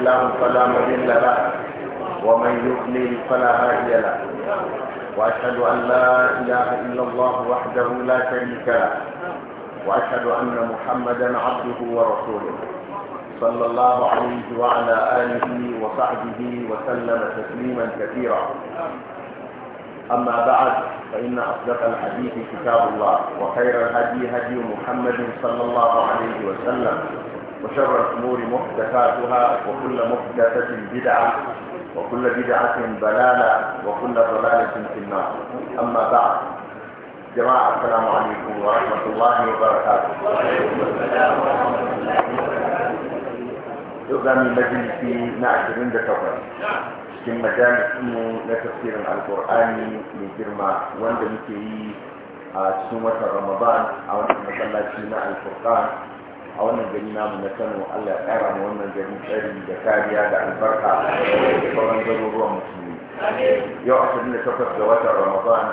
الله فلا مضل له ومن يضلل فلا هادي له واشهد ان لا اله الا الله وحده لا شريك له واشهد ان محمدا عبده ورسوله صلى الله عليه وعلى اله وصحبه وسلم تسليما كثيرا اما بعد فان اصدق الحديث كتاب الله وخير الهدي هدي محمد صلى الله عليه وسلم وشر الأمور محدثاتها وكل محدثة بدعة وكل بدعة ضلالة وكل ضلالة في النار أما بعد جماعة السلام عليكم ورحمة الله وبركاته وعليكم يغني مجلسي نعشرين دكتور في مجال اسمه لتفسير القرآن من جرمى وندمكي آه، سنة رمضان أو مسلسل القرآن a wannan gari namu na kano allah ya kara mu wannan gari tsari da kariya da albarka da sauran garuruwan musulmi yau ashirin da takwas ga watan ramadan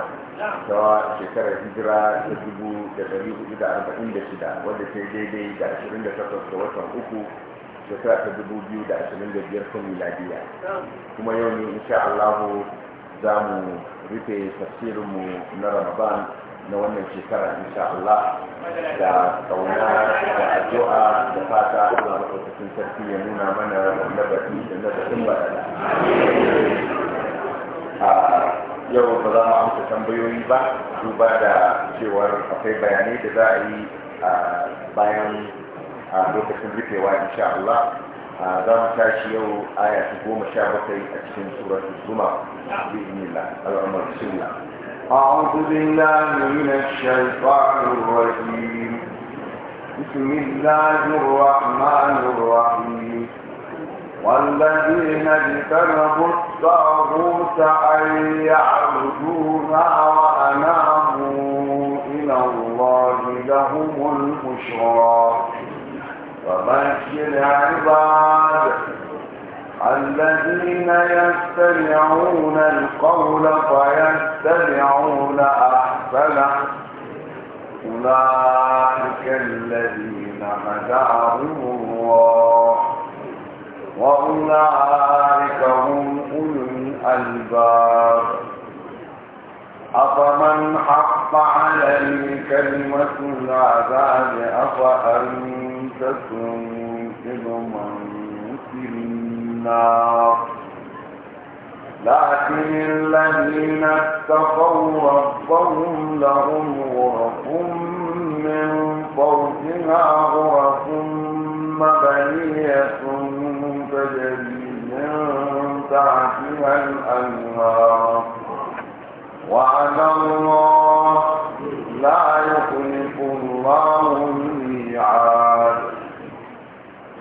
ta shekarar hijira ta dubu da dari hudu da arba'in da shida wadda ta daidai da ashirin da takwas ga watan uku shekara ta dubu biyu da ashirin da biyar ta miladiya kuma yau ne insha allahu za mu rufe tafsirinmu na ramadan na wannan shekara insha Allah da kauna da addu'a da fata Allah madaukakin sarki ya nuna mana na baki da na bakin ba a yau ba za mu amsa tambayoyi ba ba da cewar akwai bayanai da za a yi a bayan a lokacin rufewa insha Allah za mu tashi yau aya ta goma sha bakwai a cikin suratul zuma bi inillah al'amar أعوذ بالله من الشيطان الرجيم بسم الله الرحمن الرحيم والذين اجتنبوا الطاغوت أن يعبدونا وأناموا إلى الله لهم البشرى فبشر عباد الذين يستمعون القول فيتبعون أحسنه أولئك الذين هداهم الله وأولئك هم أولو الألباب أفمن حق عليه كلمة العذاب أفأنت تنكر من النار لكن الذين اتقوا ربهم لهم غرف من فوقها غرف مبنية تجري من تحتها الأنهار وعلى الله لا يخلف الله الميعاد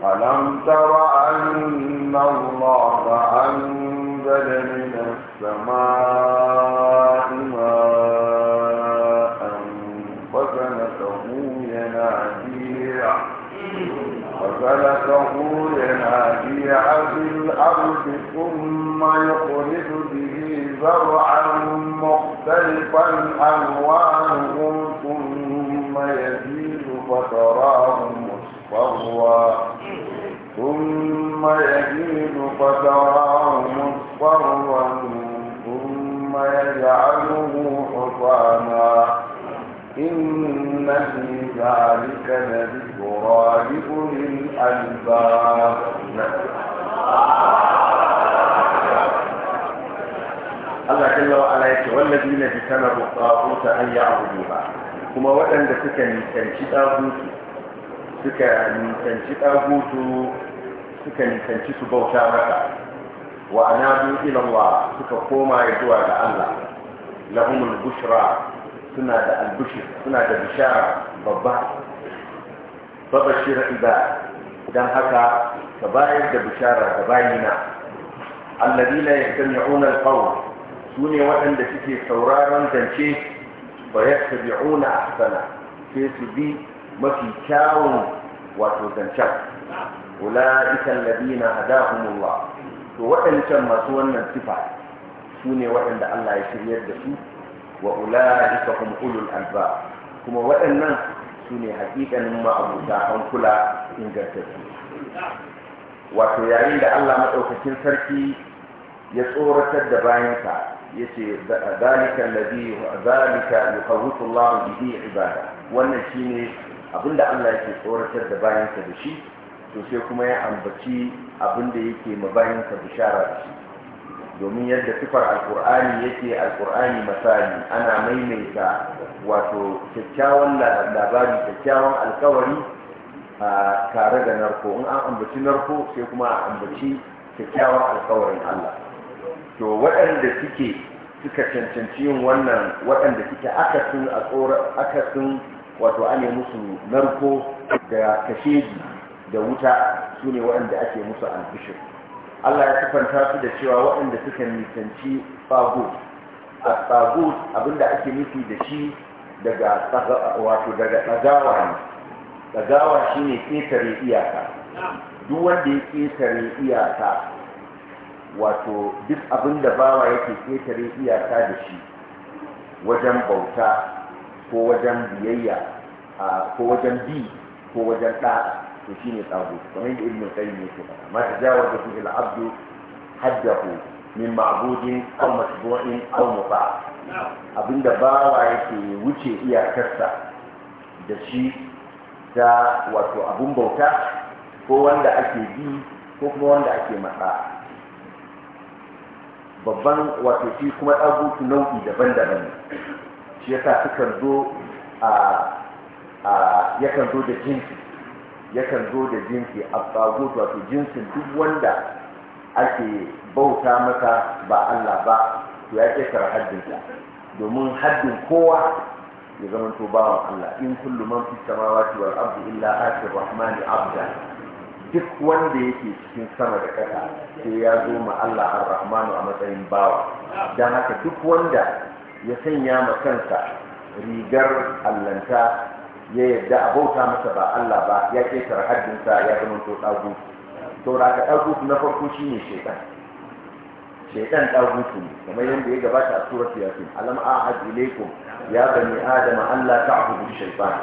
ألم تر أن الله أنزل من السماء ماء فسلكه ينابيع فسلكه ينابيع في الأرض ثم يخرج به زرعا مختلفا ألوانه ثم يزيد فتراه مصفرا ثم يجيد فتراه مصفرا ثم يجعله حطاما إن في ذلك لذكرى لأولي الألباب Allah jalla wa ala yake wallazi na bi kana ruqaquta an ya'budu ba kuma waɗanda suka nisanci dagutu suka nisanci dagutu suka nisanci su bauta maka wa anabu ila Allah suka koma zuwa ga Allah lahumul bushra suna da albushir suna da bishara babba babashir ibad dan haka ka bayar da bishara ga bayina alladina yastami'una alqawl sune waɗanda suke sauraron zance fa yattabi'una ahsana sai su bi mafi kyawun wato zancen ulaikal ladina hadahumullah to wadancan masu wannan sifa su ne wadanda Allah ya shiryar da wa ulaika hum ulul alba kuma wadannan su ne hakikanin ma'abuta ingantattu wato yayin da Allah madaukakin sarki ya tsoratar da bayansa ya ce zalika alladhi zalika yuqawwitu ibada wannan shine abinda Allah yake tsoratar da bayansa da shi to sai kuma ya ambaci abin da yake mabayinsa bishara da shi domin yadda sifar alkur'ani yake alkur'ani misali ana maimaita wato kyakkyawan labari kyakkyawan alkawari a tare da narko in an ambaci narko sai kuma a ambaci kyakkyawan alkawarin allah to waɗanda suke suka cancanci yin wannan waɗanda suke akasin a akasin wato ane musu narko da kasheji da wuta su ne waɗanda ake musu albishir Allah ya sifanta su da cewa waɗanda suka nisanci fagot a fagot abinda ake nufi da shi daga wato daga tsagawa ne tsagawa shi ne ƙetare iyaka duk wanda ya ƙetare iyaka wato duk abinda bawa yake ƙetare iyaka da shi wajen bauta ko wajen biyayya ko wajen bi ko wajen ɗa'a to shine tsago kamar yadda ibnu qayyim yake faɗa ma tajawaza bihi al-abdu haddahu min ma'budin aw masbu'in aw muta abinda bawa yake wuce iyakarsa da shi ta wato abun bauta ko wanda ake bi ko kuma wanda ake matsa babban wato shi kuma ɗagutu nau'i daban-daban shi yasa sukan zo a yakan zo da jinsi yakan zo da jinsi abbagut wato jinsin duk wanda ake bauta masa ba Allah ba to ya ƙetare haddinsa domin haddin kowa ya zama to bawan Allah in kullu man fi samawati wal ardi illa atir rahmani abda duk wanda yake cikin sama da ƙasa sai ya zo ma Allah ar-rahmanu a matsayin bawa dan haka duk wanda ya sanya ma kansa rigar allanta ya yadda a bauta masa ba Allah ba ya ketare haddinsa ya zama to ɗagu saura ka ɗagu na farko shine shaitan shaitan ɗagu su ne kamar yadda ya gabata a surat yasin alam a'ad ilaikum ya bani adama Allah ta'budu shaitan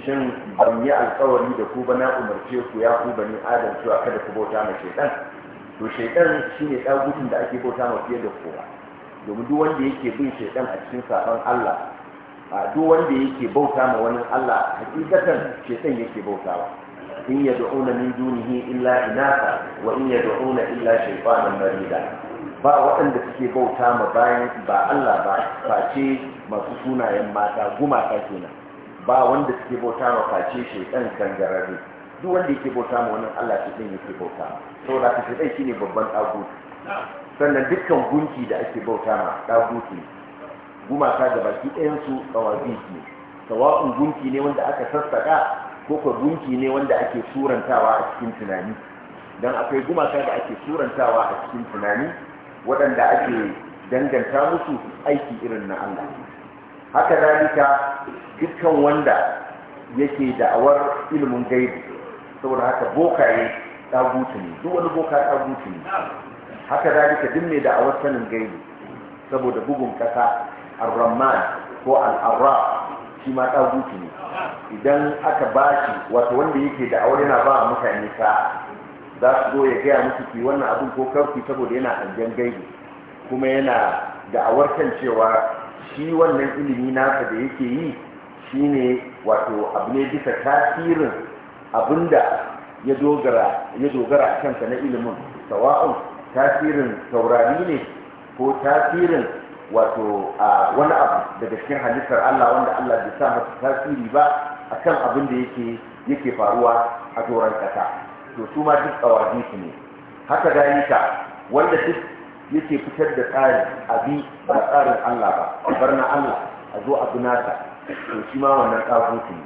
shin ban yi alkawari da ku ba na umarce ku ya ku bani adam cewa kada ku bauta ma shaitan to shaitan shine ɗagutun da ake bauta ma fiye da kowa domin duk wanda yake bin shaitan a cikin sabon Allah a duk wanda yake bauta ma wani Allah hakikatan san yake bautawa in ya da'una min dunihi illa inasa wa in ya da'una illa shaytanan marida ba waɗanda suke bauta ma bayan ba Allah ba face masu sunayen mata gumaka kenan ba wanda suke bauta ma face shaitan kangararre duk wanda yake bauta ma wani Allah san yake bauta saboda ka shaitan shine babban dagu sannan dukkan gunki da ake bauta ma dagu ne gumaka da baki ɗayansu tsawaziki ne sawa'un gunki ne wanda aka sassaƙa ko gunki ne wanda ake surantawa a cikin tunani don akwai gumaka da ake surantawa a cikin tunani waɗanda ake danganta musu aiki irin na Allah haka zalika dukkan wanda yake da'awar ilimin gaibi saboda haka bokaye ɗagutu ne duk wani boka ɗagutu ne haka zalika duk mai da'awar sanin gaibi saboda bugun ƙasa ar ko al-arra shi ma ɗagutu ne idan aka ba shi wato wanda yake da aure yana ba mutane sa za su zo ya gaya musu ki wannan abin ko karfi saboda yana hangen gaibi kuma yana da kan cewa shi wannan ilimi nasa da yake yi shi ne wato abu ne bisa tasirin abinda ya dogara ya dogara a kansa na ilimin sawa'un tasirin saurari ne ko tasirin wato wani abu daga cikin halittar Allah wanda Allah bai sa masa tasiri ba a kan abin da yake yake faruwa a doron kasa to su ma duk tsawaje su ne haka gani ta, wanda duk yake fitar da tsari abi ba tsarin Allah ba bar na Allah a zo a to shi ma wannan su ne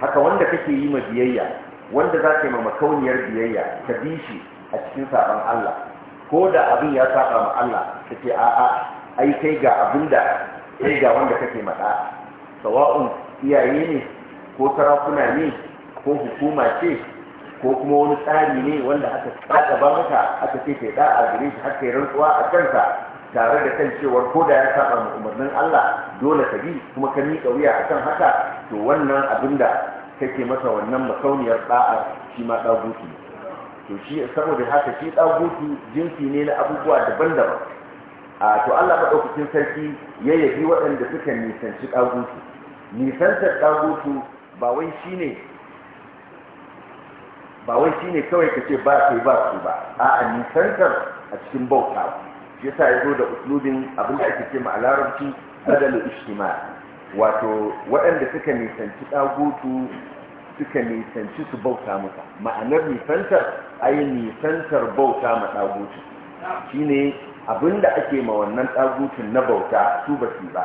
haka wanda kake yi ma biyayya wanda za ka yi ma makauniyar biyayya ka bi shi a cikin sabon Allah ko da abin ya saba ma Allah ka ce a'a ai kai ga abinda kai ga wanda kake mada sawa'un iyaye ne ko sarakuna ne ko hukuma ce ko kuma wani tsari ne wanda aka tsaka ba maka aka ce kai da a gare shi har kai rantsuwa a kansa tare da kan cewar ko da ya saba mu umarnin Allah dole ka bi kuma ka miƙa wuya akan haka to wannan abinda kake masa wannan makauniyar da'a shi ma daguti to shi saboda haka shi daguti jinsi ne na abubuwa daban-daban a to Allah maɗaukakin sarki ya yabi waɗanda suka nisanci ɗagutu nisantar ɗagutu ba wai shi ne ba wai shi ne kawai ka ce ba kai ba su ba a nisantar a cikin bauta shi yasa ya zo da uslubin abin da ake ce ma a larabci badal ishtima wato waɗanda suka nisanci ɗagutu suka nisanci su bauta masa ma'anar nisantar yi nisantar bauta ma ɗagutu shine abinda ake ma wannan tsagutun na bauta su ba su ba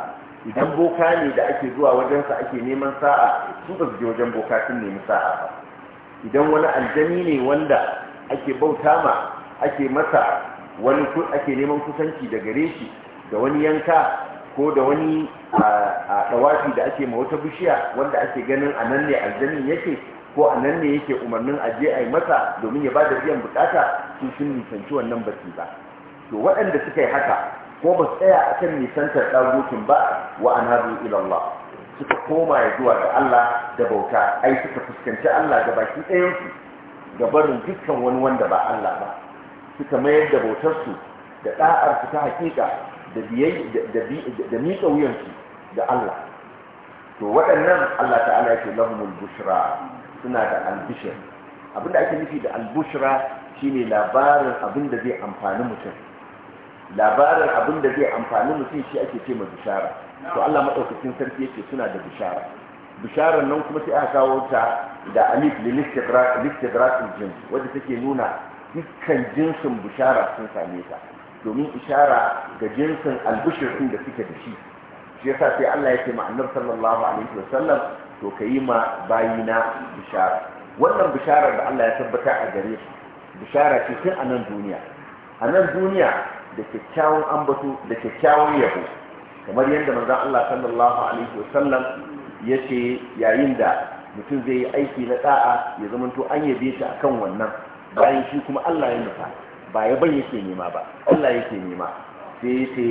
idan boka ne da ake zuwa wajensa ake neman sa'a su ba su je wajen boka sun nemi sa'a ba idan wani aljani ne wanda ake bauta ma ake masa wani ake neman kusanci da gare shi da wani yanka ko da wani a dawafi da ake ma wata bishiya wanda ake ganin a nan ne aljani yake ko a nan ne yake umarnin aje a yi masa domin ya ba da biyan bukata su sun nisanci wannan basi ba to waɗanda suka yi haka ko ba su tsaya kan nisantar ɗagukin ba wa an haɗu ilallah suka koma ya zuwa ga Allah da bauta ai suka fuskanci Allah da baki ɗayansu ga barin dukkan wani wanda ba Allah ba suka mayar da bautarsu da ɗa'arsu ta hakika da da miƙa wuyansu ga Allah to waɗannan Allah ta'ala ya ce lahumul bushra suna da albishir abinda ake nufi da albushra shine labarin abinda zai amfani mutum labarin abin da zai amfani mutum shi ake ce ma bishara to Allah madaukakin sarki yake suna da bishara bisharar nan kuma sai aka kawo ta da alif listigrafin jins wadda take nuna dukkan jinsin bishara sun same ta domin ishara ga jinsin albushirin da suke da shi shi yasa sai Allah ya ce ma annabi sallallahu alaihi wasallam to kayi ma bayina bishara wannan bisharar da Allah ya tabbata a gare shi bishara ce tun a nan duniya a nan duniya da kyakkyawan ambato da kyakkyawan yabo kamar yadda manzan Allah sallallahu alaihi wasallam yace yayin da mutum zai yi aiki na da'a ya zama an yabe shi akan wannan bayan shi kuma Allah ya nufa ba ya ban yake nema ba Allah yake nema sai yace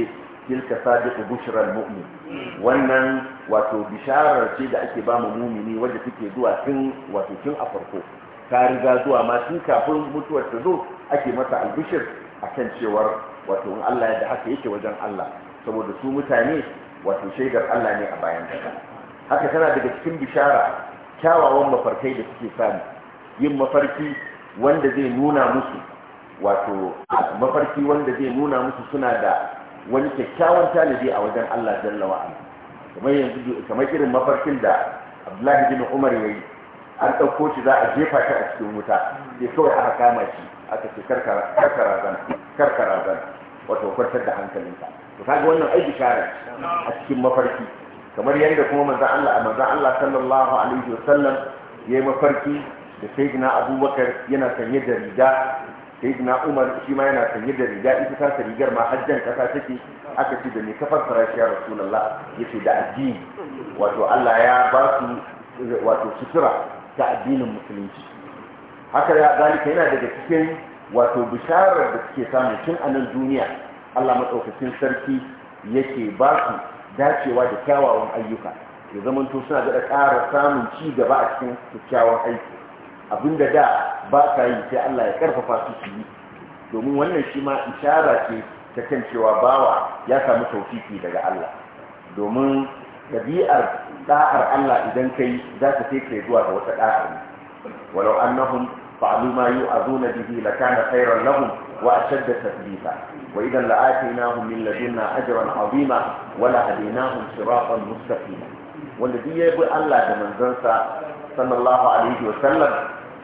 tilka sadiqu bushra mu'min wannan wato bisharar ce da ake ba mu mumini wanda take zuwa tun wato tun a farko ta riga zuwa ma tun kafin mutuwar ta zo ake masa albishir akan cewar wato in Allah ya da haka yake wajen Allah saboda su mutane wato shaidar Allah ne a bayan kasa haka tana daga cikin bishara kyawawan mafarkai da suke samu yin mafarki wanda zai nuna musu wato mafarki wanda zai nuna musu suna da wani kyakkyawan talibi a wajen Allah jalla wa ala kamar yanzu kamar irin mafarkin da Abdullahi bin Umar yayi an ɗauko shi za a jefa shi a cikin wuta sai kawai aka kama shi aka ce karkara zan karkara zana wato kwantar da hankalinka to kaga wannan ai bishara a cikin mafarki kamar yadda kuma manzon Allah manzon Allah sallallahu alaihi wa wasallam yayi mafarki da sayyidina Abubakar yana sanye da riga sayyidina Umar shi ma yana sanye da riga ita ta rigar ma hajjan kasa take aka ce da me kafar farashi ya rasulullah yace da addini wato Allah ya ba su wato sutura ta addinin musulunci haka ya zalika yana daga cikin wato bisharar da suke samu tun a nan duniya Allah maɗaukacin sarki yake ba su dacewa da kyawawan ayyuka ya zamanto suna da ƙara samun ci gaba a cikin kyakkyawan aiki abinda da ba ka yi sai Allah ya karfafa su su yi domin wannan shi ma ishara ce ta kan cewa bawa ya samu taufiki daga Allah domin ɗabi'ar ɗa'ar Allah idan kai za ka sai kai zuwa ga wata da'ar ne walau annahum فعلوا ما يؤذون به لكان خيرا لهم وأشد تثبيتا وإذا لآتيناهم من لدنا أجرا عظيما ولهديناهم صراطا مستقيما والذي يبقى الله من زنسى صلى الله عليه وسلم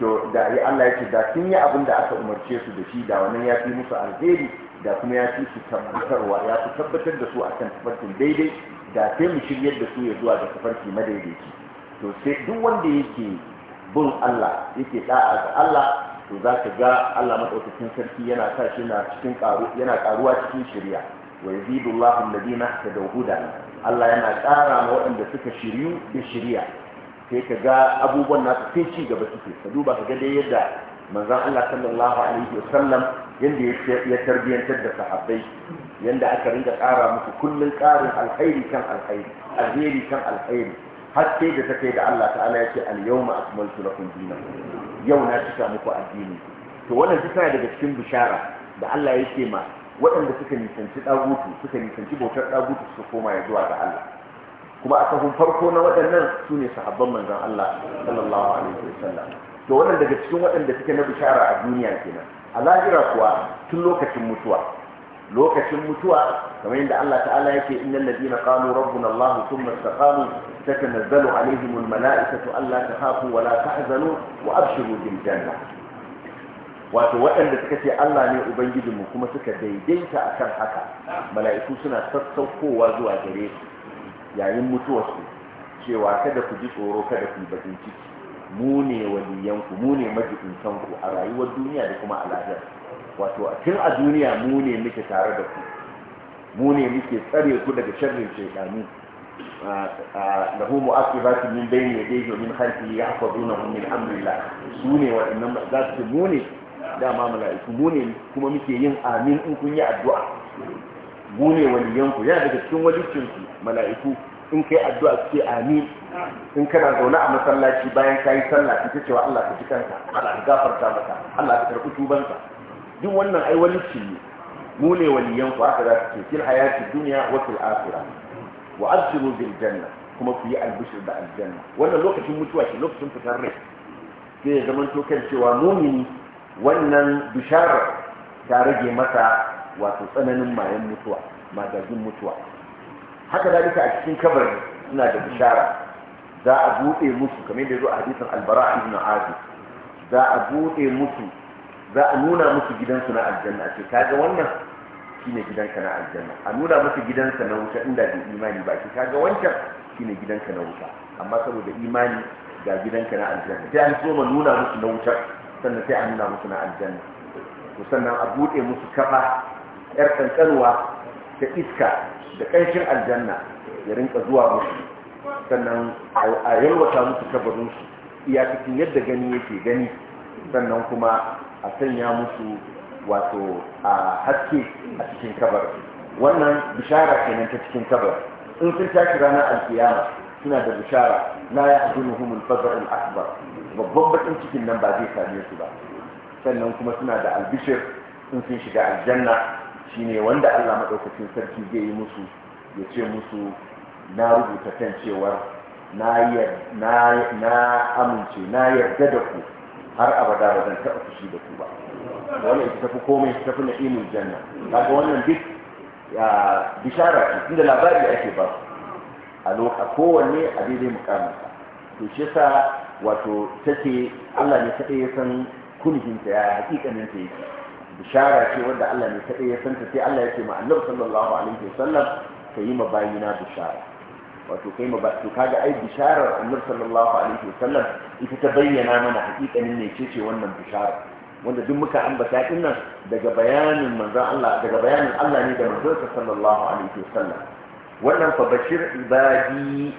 to da ya Allah ya ce da sun yi abin da aka umarce su da shi da wannan ya fi musu alheri da kuma ya fi su tabbatarwa ya fi tabbatar da su akan tafarkin daidai da sai mu shiryar da su ya zuwa da tafarki madaidaici to sai duk wanda yake bin Allah yake da'a ga Allah to za ka ga Allah madaukakin sarki yana sa shi na cikin karu yana karuwa cikin shari'a wa yazidullahu alladhina ihtadaw huda Allah yana ƙara ma waɗanda suka shiryu da shirya. sai ka ga abubuwan nasu sun ci gaba suke ka duba ka ga dai yadda manzon Allah sallallahu alaihi wasallam yanda ya tarbiyantar da sahabbai yanda aka rinka ƙara musu kullun ƙarin alkhairi kan alkhairi alheri kan alkhairi haske da take da Allah ta'ala ya ce al-yawma akmaltu lakum dinakum yau na cika muku addini to wannan duk daga cikin bishara da Allah yake ma waɗanda suka nisanci dagutu suka nisanci bautar dagutu suka koma ya zuwa ga Allah kuma a sahun farko na waɗannan su ne sahabban manzon Allah sallallahu alaihi wasallam to wannan daga cikin waɗanda suke na bishara a duniya kenan a lahira kuwa tun lokacin mutuwa lokacin mutuwa kamar yadda Allah ta'ala yake innal ladina qalu rabbuna Allah thumma istaqamu tatanazzalu alaihim almala'ikatu alla takhafu wa la tahzanu wa abshiru bil janna wato waɗanda suka ce Allah ne ubangijinmu kuma suka daidaita akan haka mala'iku suna sassaukowa zuwa gare su yayin mutuwarsu cewa kada ku ji tsoro kada ku bakin ciki mu ne waliyanku mu ne a rayuwar duniya da kuma a lahira wato tun a duniya mu ne muke tare da ku mu ne muke tsare ku daga sharrin da lahu mu'aqibatu min bayni yadayhi wa min khalfihi yahfazunahu min amrillah su ne waɗannan za su mu ne dama mala'iku mu ne kuma muke yin amin in kun yi addu'a mu ne waliyanku yana daga cikin ku mala'iku in kai addu'a suke amin in kana zaune a masallaci bayan ka yi sallah ita cewa Allah ka ji kanka Allah ka gafarta maka Allah ka karɓi tubanka duk wannan ai walici ne mu ne waliyan ku aka za su ce fil hayati dunya wa fil akhirah wa abshiru bil janna kuma ku yi albishir da aljanna wannan lokacin mutuwa shi lokacin fitar rai sai ya zama to cewa mumini wannan bishara ta rage masa wato tsananin mayan mutuwa magajin mutuwa haka zalika a cikin kabari suna da bishara za a buɗe musu kamar da zo a hadisin albara ibn azib za a buɗe musu za a nuna musu gidansu na aljanna a ce kaga wannan shine gidanka na aljanna a nuna musu gidansa na wuta inda bai imani ba ce kaga wancan shine gidanka na wuta amma saboda imani ga gidanka na aljanna sai an so ma nuna musu na wuta sannan sai a nuna musu na aljanna to sannan a bude musu kafa yar kankanwa ta iska da ƙanshin aljanna ya rinka zuwa musu sannan a yalwata musu kabarinsu iya cikin yadda gani yake gani sannan kuma a sanya musu wato a haske a cikin kabar wannan bishara kenan ta cikin kabar in sun tashi ranar alkiyama suna da bishara Na ya haɗu muhimmin fadar akbar babban bakin cikin nan ba zai same su ba sannan kuma suna da albishir in sun shiga aljanna shine wanda Allah maɗaukacin sarki zai yi musu ya ce musu na rubuta kan cewar na amince na yarda da ku har abada ba zan taɓa fushi da ku ba wannan ita tafi komai ta tafi na'imul janna kaga wannan duk bishara ce inda labari ake ba a lokacin kowanne a daidai mukaminsa to shi yasa wato take Allah ne kaɗai ya san ta ya hakikanin ta yake bishara ce wanda Allah ne kaɗai ya san ta sai Allah ya ce ma annabi sallallahu alaihi wasallam ka yi ma bayina bishara وتقيم بعد كذا أي بشارة النبي صلى الله عليه وسلم إذا تبين أنا حقيقة إني شيء وأنا بشارة وأنا دمك عن بساتنا دج بيان من الله دج بيان الله نيجا من صلى الله عليه وسلم وأنا فبشر عبادي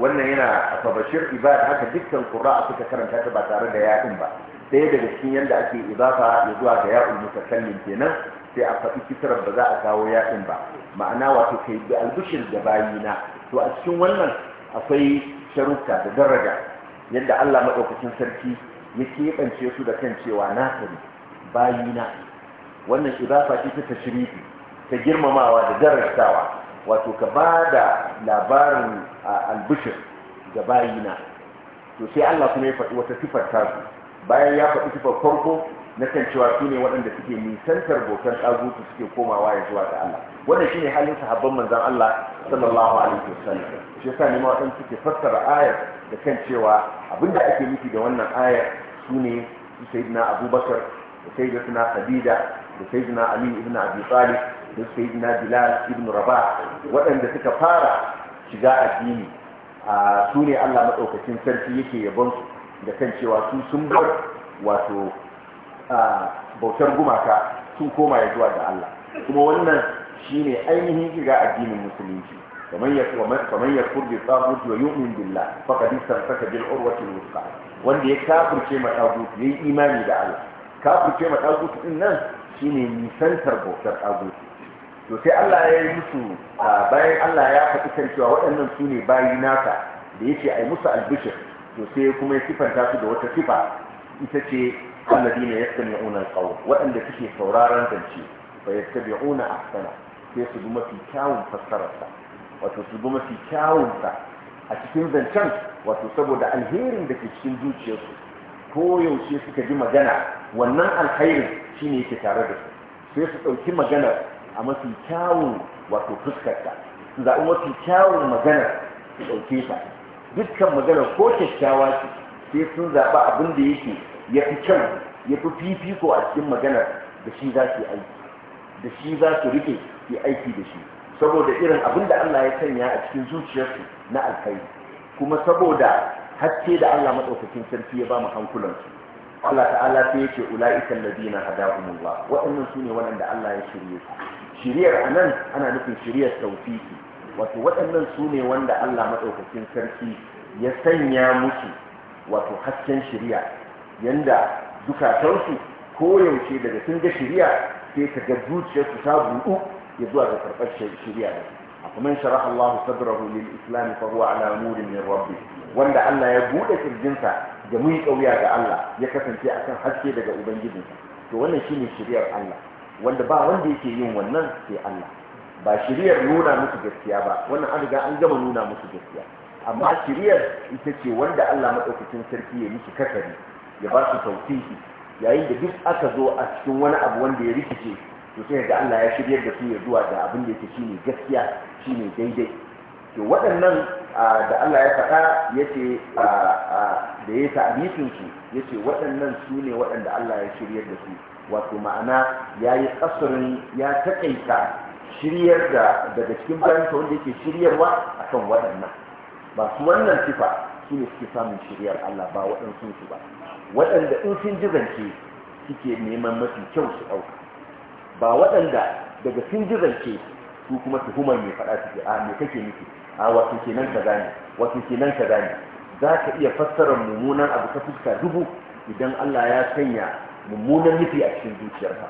وأنا هنا فبشر عباد هذا دكت القراءة تكرم هذا بعد يا أمبا تيجا بسكين يندى أكي إضافة يدوى جياء المتكلم تينا في أفضل كسر البداء كاو يا أمبا معناه وتكيب البشر جباينا to a cikin wannan akwai sharuka da daraja yadda Allah maɗaukacin sarki ya keɓance su da kan cewa na ne bayina wannan idafa ce ta tashrifi ta girmamawa da darasawa wato ka ba da labarin albishir ga bayina to sai Allah kuma ya faɗi wata sifar tasu bayan ya faɗi sifar farko na kan cewa su ne waɗanda suke nisantar bautar ɗagutu suke komawa ya zuwa ga Allah wannan shine halin sahabban manzon Allah sallallahu alaihi wasallam shi yasa ne ma suke fassara ayar da kan cewa abinda ake nufi da wannan ayar su ne sayyidina Abubakar da sayyidina Khadija da sayyidina Ali ibn Abi Talib da sayyidina Bilal ibn Rabah waɗanda suka fara shiga addini a su ne Allah madaukakin sarki yake yabon su da kan cewa su sun bar wato bautar gumaka sun koma ya zuwa ga Allah kuma wannan shine ainihin shiga addinin musulunci kamar ya kaman ya kurbi tsabut wa yu'min billah faqad bil urwati al wanda ya kafirce ma yayi imani da Allah kafirce ma tagut din nan shine nisantar bautar tagut to sai Allah ya yi musu bayan Allah ya faɗi kan cewa waɗannan su ne bayi naka da yake ai musu albishir to sai kuma ya sifanta su da wata sifa ita ce الذين يستمعون القول وأن تشي سورارا تنشي فيتبعون أحسنه sai su guma fi kyawun fassararsa wato su guma fi kyawunsa a cikin zancen wato saboda alherin da ke cikin zuciyarsu ko yaushe suka ji magana wannan alherin shine yake tare da su sai su ɗauki magana a mafi kyawun wato fuskarta su zaɓi mafi kyawun magana su ɗauke ta dukkan magana ko kyakkyawa ce sai sun zaɓi abin da yake ya fi can, ya fi fifiko a cikin maganar da shi za su aiki da shi za su rike yi aiki da shi saboda irin abin da Allah ya sanya a cikin zuciyarsu na alkai kuma saboda haske da Allah madaukakin sarki ya ba mu hankulansu Allah ta'ala ta yake ula'ikal ladina ba, waɗannan su ne waɗanda Allah ya shirye su shiriyar nan ana nufin shiriyar tawfiki wato waɗannan su ne wanda Allah maɗaukakin sarki ya sanya musu wato hasken shirya yanda zukatansu koyaushe daga sun ga shirya sai ka ga zuciyarsu ta buɗu ya zuwa ga karɓar shirya da a kuma shara Allah sadrahu lil islam fa huwa ala nurin min rabbi wanda Allah ya buɗe kirjinsa da mun kauya ga Allah ya kasance a kan haske daga ubangijinsa to wannan shine shiriyar Allah wanda ba wanda yake yin wannan sai Allah ba shiriyar nuna musu gaskiya ba wannan an riga an gama nuna musu gaskiya amma shiriyar ita ce wanda Allah madaukakin sarki ya miki kasari ya ba su tauhidi yayin da duk aka zo a cikin wani abu wanda ya rikice to sai ga Allah ya shiryar da su ya zuwa da abin da yake shine gaskiya shine daidai to waɗannan da Allah ya faɗa yace da ya ta'abisin su yace waɗannan su ne waɗanda Allah ya shiryar da su wato ma'ana yayi ƙasarin, ya takaita shiryar da daga cikin bayan wanda yake shiryarwa akan waɗannan Ba su wannan sifa su ne suke samun shiryar Allah ba waɗansu su ba waɗanda in sun ji suke neman mafi kyau su ɗauka ba waɗanda daga sun ji su kuma tuhumar mai faɗa suke a ah, me kake nufi a ah, wato kenan ka gane wato kenan ka gane za ka iya fassarar mummunan abu ta fuska dubu idan Allah ya sanya mummunan nufi a cikin zuciyarka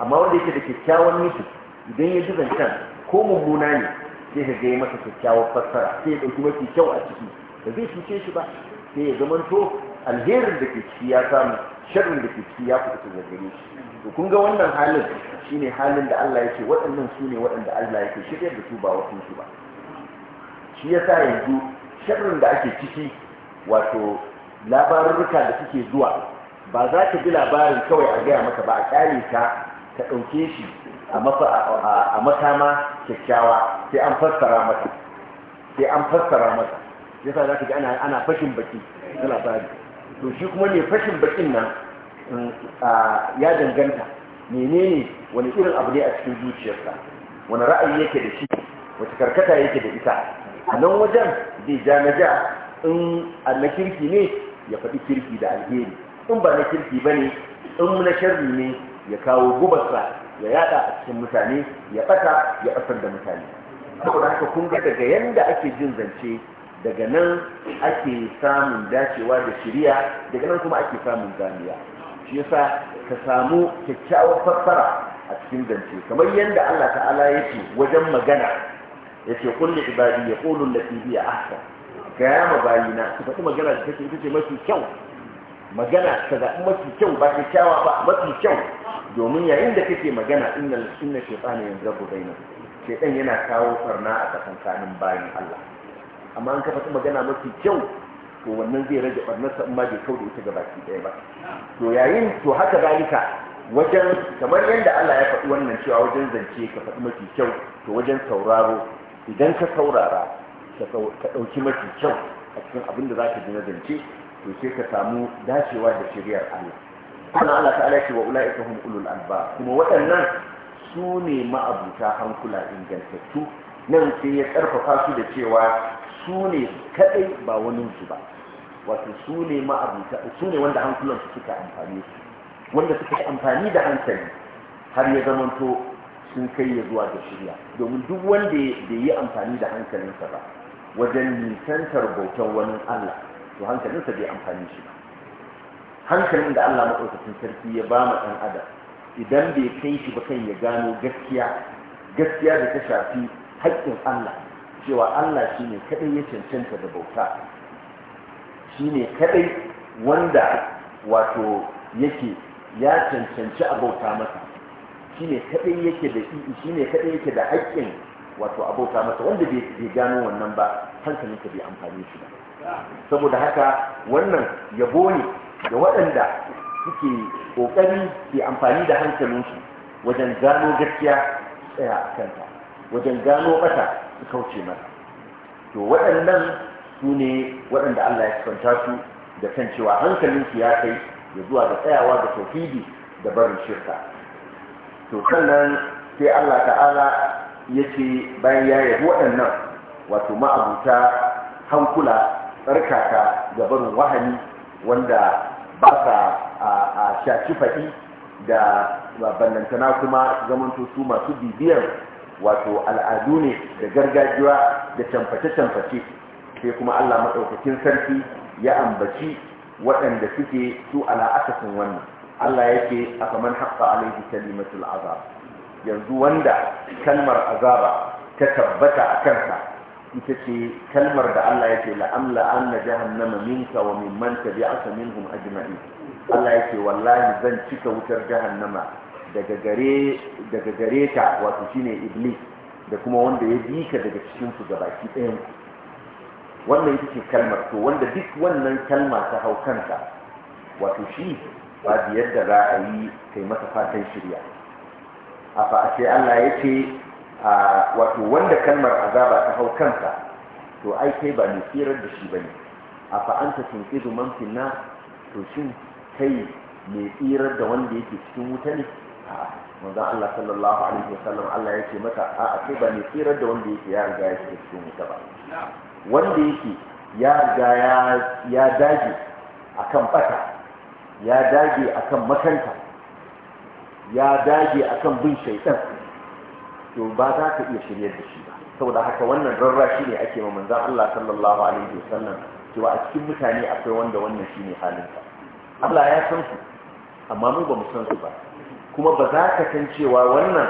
amma wanda yake da kyakkyawan nufi idan ya ji zancen ko mummuna ne sai ka gai masa kyakkyawar fassara sai ya ɗauki mafi kyau a ciki ba zai cuce shi ba sai ya zamanto alherin da ke ciki ya samu sharrin da ke ciki ya kuɗa daga gare shi to kun ga wannan halin shine halin da Allah yake waɗannan su ne waɗanda Allah yake shirya da su ba wasu su ba shi yasa yanzu sharrin da ake ciki wato labarurruka da suke zuwa ba za ka ji labarin kawai a gaya maka ba a ƙyale ka ka ɗauke shi a makama kyakkyawa sai an fassara maka sai an fassara maka yasa za ka ji ana fashin baki na labari to shi kuma ne fashin bakin nan mm, ya danganta menene wani irin abu ne a cikin zuciyarsa wani ra'ayi yake da shi wata karkata yake da ita a nan wajen zai ja na ja in na kirki ne ya faɗi kirki da alheri in ba na kirki ba ne in na sharri ne ya kawo gubarsa ya yada a cikin mutane ya ɓata ya ɓatar da mutane saboda haka kun ga daga yanda ake jin zance daga nan ake samun dacewa da shirya daga nan kuma ake samun zaniya shi yasa ka samu kyakkyawar fassara a cikin zance kamar yadda Allah ta'ala ya ce wajen magana ya ce kulli ibadi ya qulu allati hiya ahsan gaya ma bayina su faɗi magana da take ita ce mafi kyau magana ka zaɓi mafi kyau ba kyakkyawa ba mafi kyau domin yayin da kake magana inna inna shaytana yanzabu bainakum shaytan yana kawo farna a tsakankanin bayin Allah amma an kafa faɗi magana mafi kyau to wannan zai rage barnarsa in ma bai kau da ita gabaki ɗaya ba to yayin to haka zalika wajen kamar yadda Allah ya faɗi wannan cewa wajen zance ka faɗi mafi kyau to wajen sauraro idan ka saurara ka ɗauki mafi kyau a cikin abin da za ka ji na zance to sai ka samu dacewa da shiriyar Allah kuma Allah ta ce wa ula'ika hum ulul alba kuma waɗannan su ne ma'abuta hankula ingantattu nan sai ya ƙarfafa su da cewa su ne kadai ba waninsu ba wato su ne ma'abuta su ne wanda hankulansu suka amfani su wanda suka yi amfani da hankali har ya zamanto sun kai ya zuwa da shirya domin duk wanda ya yi amfani da hankalinsa ba wajen nisantar bautar wani Allah to hankalinsa bai amfani shi ba hankalin da Allah maɗaukakin sarki ya ba ma ɗan adam idan bai kai shi ba kan ya gano gaskiya gaskiya da ta shafi haƙƙin Allah cewa Allah shi ne kaɗai ya cancanta da bauta shi ne kaɗai wanda wato yake ya cancanci a bauta masa shi ne kaɗai yake da shi ne kaɗai yake da haƙƙin wato a bauta masa wanda bai gano wannan ba ka bai amfani shi ba saboda haka wannan yabo ne ga waɗanda suke ƙoƙari ke amfani da hankalinsu wajen gano gaskiya tsaya a kanta wajen gano ɓata su kauce mata to waɗannan su ne waɗanda Allah ya kwanta su da kan cewa hankalinsu ya kai ya zuwa da tsayawa da tauhidi da barin shirka to sannan sai Allah ta'ala ya ce bayan ya yabi waɗannan wato ma'abuta hankula tsarkaka da barin wahani wanda ba sa a shaci faɗi da ballantana kuma zamanto su masu bibiyar wato al'adu ne da gargajiya da tamface-tamface sai kuma Allah maɗaukakin sarki ya ambaci waɗanda suke su ala'akasin wannan Allah yake a kaman haƙa alaihi kalimatul azab yanzu wanda kalmar azaba ta tabbata a kansa ita ce kalmar da Allah yake la'amla an na jahannama minka wa mimman tabi'aka minhum ajma'in Allah yake wallahi zan cika wutar jahannama daga gare daga gare wato shine iblis da kuma wanda ya bi ka daga cikin ku gabaki ɗayan ku wannan ita ce kalmar to wanda duk wannan kalma ta hau kanka wato shi ba biyar da za a yi kai masa fatan shirya a fa sai Allah ya ce wato wanda kalmar azaba ta hau kanka to ai kai ba mai tsirar da shi ba ne. a fa anta tunqidu man finna to shin kai mai tsirar da wanda yake cikin wuta ne manzon Allah sallallahu alaihi wasallam Allah yake mata a a ba ne tsirar da wanda yake ya riga ya shiga cikin wuta ba wanda yake ya riga ya ya dage akan bata ya dage akan makanta ya dage akan bin shaitan to ba za ka iya shiryar da shi ba saboda haka wannan rarrashi ne ake ma manzon Allah sallallahu alaihi wasallam cewa a cikin mutane akwai wanda wannan shine halinsa Allah ya san su amma mu ba mu su ba kuma ba za ka san cewa wannan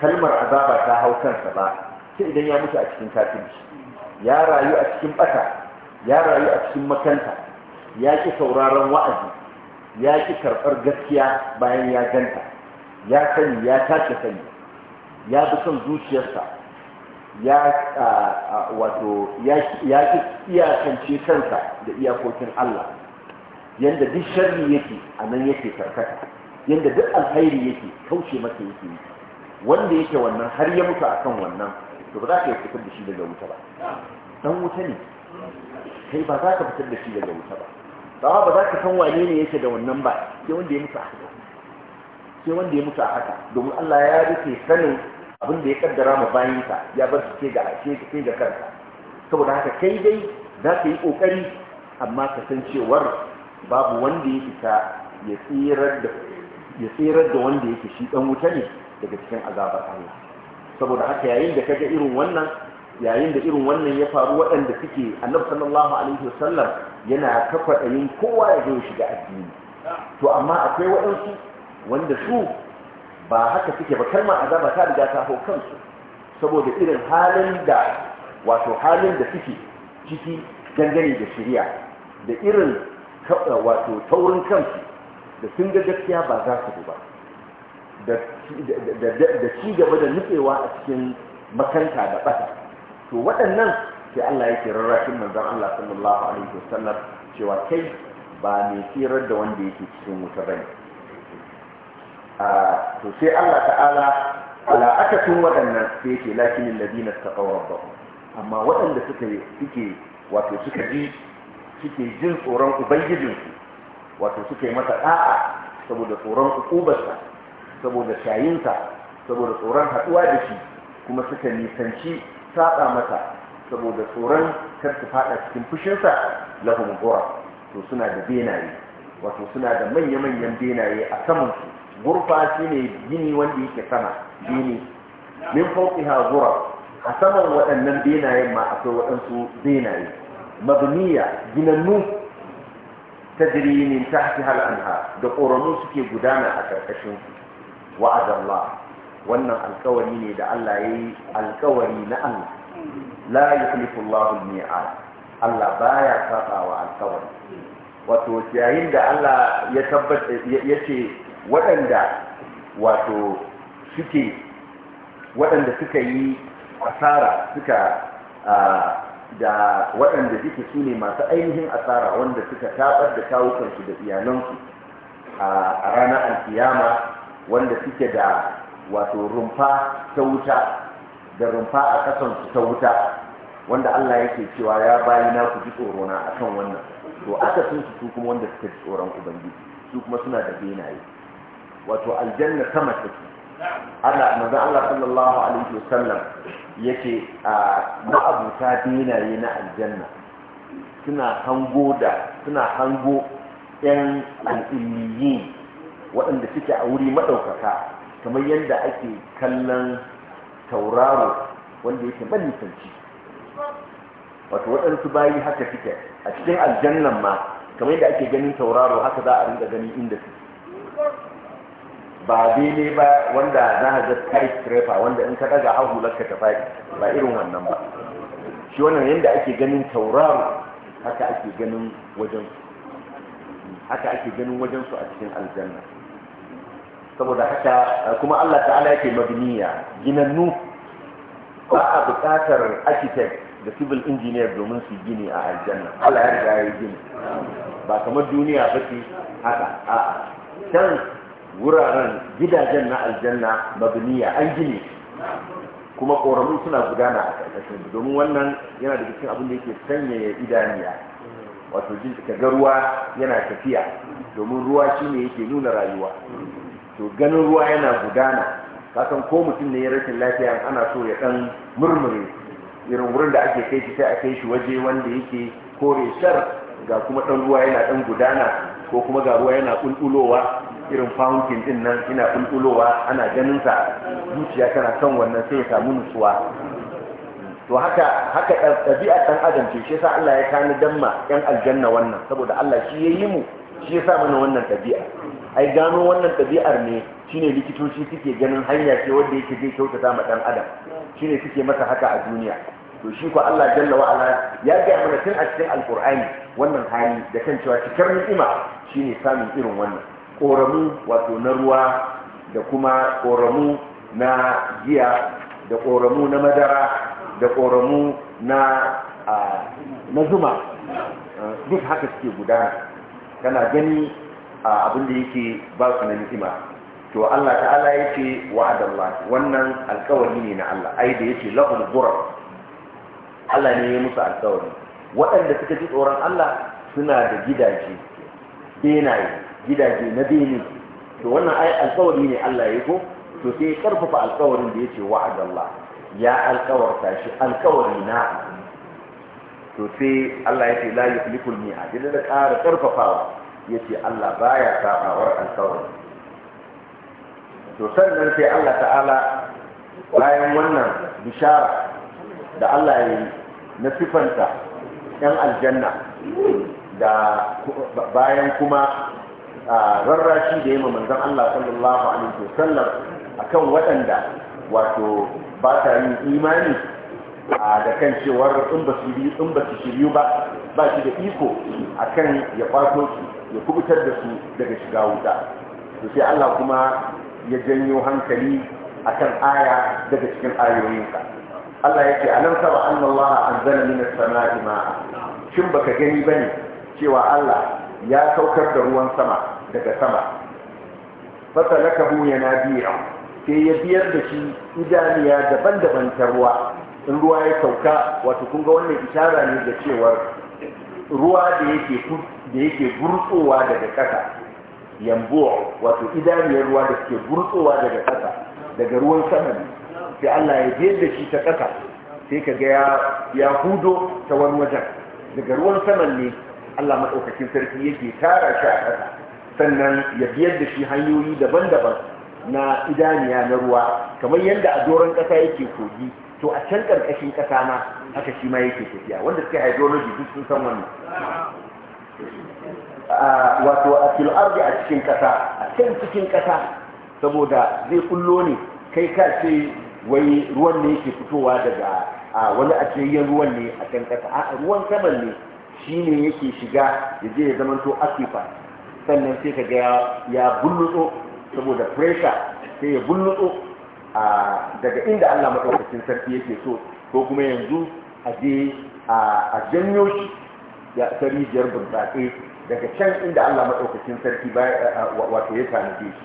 kalmar azaba ta hau kansa ba sai idan ya mutu a cikin kafirci ya rayu a cikin bata ya rayu a cikin makanta ya ki sauraron wa'azi ya ki karɓar gaskiya bayan ya ganta ya sani ya tace sani ya bi son zuciyarsa ya wato ya ki iyakance kansa da iyakokin Allah yanda duk sharri yake a nan yake karkata yanda duk alkhairi yake kauce masa yake yi wanda yake wannan har ya mutu akan wannan to ba za ka fitar da shi daga wuta ba dan wuta ne kai ba za ka fitar da shi daga wuta ba ba ba za ka san wane ne yake da wannan ba sai wanda ya mutu a haka sai wanda ya mutu a haka domin Allah ya rufe sanin abin da ya kaddara ma bayinka ya bar su ke ga ke ga kanka saboda haka kai dai za ka yi kokari amma ka san cewar babu wanda ya fita ya tsirar da ya tsirar wanda yake shi dan wuta ne daga cikin azabar Allah saboda haka yayin da kaga irin wannan yayin da irin wannan ya faru waɗanda suke annabi sallallahu alaihi wasallam yana kafa ɗayin kowa ya zo shiga addini to amma akwai waɗansu wanda su ba haka suke ba kalmar azaba ta riga ta hau kansu saboda irin halin da wato halin da suke ciki dangane da shari'a da irin Eh, wato taurin kansu da sun ga gaskiya ba za su ba da ci gaba da nutsewa a cikin makanta da ɓata to waɗannan sai Allah ya yake rarrafin manzan Allah sallallahu alaihi wasallam cewa kai ba mai tsirar da wanda yake cikin wuta bane to sai Allah ta'ala ala akatun waɗannan sai yake lakinin ladina taqaw rabbahum amma waɗanda suka suke wato suka ji suke jin tsoron ubangijinsu wato suke masa da'a saboda tsoron ukubarsa saboda shayinsa saboda tsoron haɗuwa da shi kuma suka nisanci saba masa saboda tsoron kar su fada cikin fushinsa lahum qura to suna da benaye wato suna da manya-manyan benaye a saman su gurfa shine gini wanda yake sama gini min fawqiha ghurab a saman waɗannan benayen ma akwai waɗansu benaye mabniya ginannu tajri min tahtiha al-anhar da ƙoramu suke gudana a ƙarƙashin su wa'adallah wannan alkawari ne da Allah yayi alkawari na Allah la yukhlifu Allahu al-mi'ad Allah baya sabawa alkawari wato yayin da Allah ya tabbata yace waɗanda wato suke waɗanda suka yi asara suka da waɗanda suke su ne masu ainihin asara wanda suka tabar da kawukansu da iyalansu a ranar alkiyama wanda suke da wato rumfa ta wuta da rumfa a kasansu ta wuta wanda Allah yake cewa ya bayi na ku ji tsorona a kan wannan to aka sun su kuma wanda suka ji tsoron ubangiji su kuma suna da benaye wato aljanna sama take Allah manzo Allah sallallahu alaihi wasallam yake a ma'abuta dinaye na aljanna suna hango da suna hango yan al'illiyin waɗanda suke a wuri maɗaukaka kamar yadda ake kallon tauraro wanda yake manisanci wato waɗansu bayi haka suke a cikin aljannan ma kamar yadda ake ganin tauraro haka za a rinka ganin inda suke ba ne ba wanda za a ga skyscraper wanda in ka daga hagu ka ta faɗi ba irin wannan ba shi wannan yadda ake ganin tauraro haka ake ganin wajen haka ake ganin wajen su a cikin aljanna saboda haka kuma Allah ta'ala yake mabniya ginannu ba a buƙatar architect da civil engineer domin su gini a aljanna Allah ya riga ya gini ba kamar duniya ba ce haka a'a can wuraren gidajen na aljanna mabniya an gini kuma koramu suna gudana a ƙarƙashin domin wannan yana da cikin abin da yake sanyaya idaniya wato jin ka ga ruwa yana tafiya domin ruwa shi ne yake nuna rayuwa to ganin ruwa yana gudana kasan ko mutum ne ya rashin lafiya ana so ya ɗan murmure irin wurin da ake kai shi sai a kai shi waje wanda yake kore shar ga kuma ɗan ruwa yana ɗan gudana ko kuma ga ruwa yana ƙulƙulowa. irin fahimkin din nan ina kulkulowa ana ganin sa zuciya tana kan wannan sai ya samu nutsuwa to haka haka ɗabi'a ɗan adam ce shi yasa Allah ya kani damma 'yan aljanna wannan saboda Allah shi ya yi mu shi yasa mana wannan ɗabi'a ai gano wannan ɗabi'ar ne shine likitoci suke ganin hanya ce wanda yake zai kyautata ma ɗan adam shine suke masa haka a duniya to shi ko Allah jalla wa ala ya ga mana tun a cikin alqur'ani wannan hali da kan cewa cikar ni'ima shine samun irin wannan ƙoramu wato na ruwa da kuma ƙoramu na giya da ƙoramu na madara da ƙoramu na zuma duk haka suke gudana kana gani abinda da yake ba su na ni'ima to Allah ta'ala ya ce wa'adallah wannan alkawari ne na Allah ai da ya ce lahul gura Allah ne ya musu alkawari waɗanda suka ji tsoron Allah suna da gidaje benaye gidaje na bene to wannan alkawari ne Allah ya ko to sai ya karfafa alkawarin da ya ce wa'adallah ya alkawarta shi alkawari na to sai Allah ya ce la yuflikul mi'ad da da ƙara karfafawa ya ce Allah baya sabawar alkawari to sannan sai Allah ta'ala bayan wannan bishara da Allah ya yi na sifanta 'yan aljanna da bayan kuma rarrashi da yamma manzon Allah sallallahu alaihi wasallam akan waɗanda wato ba ta yin imani da kan cewar in ba su yi in ba su shiryu ba ba shi da iko akan ya kwato su ya kubutar da su daga shiga wuta to sai Allah kuma ya janyo hankali akan aya daga cikin ayoyinsa Allah yake alam saba anna Allah anzala min as-sama'i ma'a shin baka gani bane cewa Allah ya saukar da ruwan sama daga sama yana biya sai ya biyar da shi idaniya daban-daban ta ruwa in ruwa ya sauka wato kun ga wannan ishara ne da cewar ruwa da yake da yake burtsowa daga ƙasa yambo wato idaniyar ruwa da suke burtsowa daga ƙasa daga ruwan sama ne sai Allah ya biyar da shi ta ƙasa sai ka ga ya hudo ta wani wajen daga ruwan saman ne Allah maɗaukakin sarki yake tara shi a ƙasa sannan ya biyar da shi hanyoyi daban-daban na idaniya na ruwa kamar yadda a doron ƙasa yake kogi to a can ƙarƙashin ƙasa ma haka shi ma yake tafiya wanda suke hydrology duk sun san wannan wato a filardi a cikin ƙasa a can cikin ƙasa saboda zai kullo ne kai ka ce wai ruwan ne yake fitowa daga a wani a ruwan ne a can ƙasa a ruwan saman ne shi ne yake shiga ya je ya to aquifer sannan sai ka ga ya bulluto saboda pressure sai ya bullutso daga inda Allah madaukakin sarki yake so ko kuma yanzu a je a janyo shi ya tsari jiyar burtsatse daga can inda Allah madaukakin sarki wato ya tanaje shi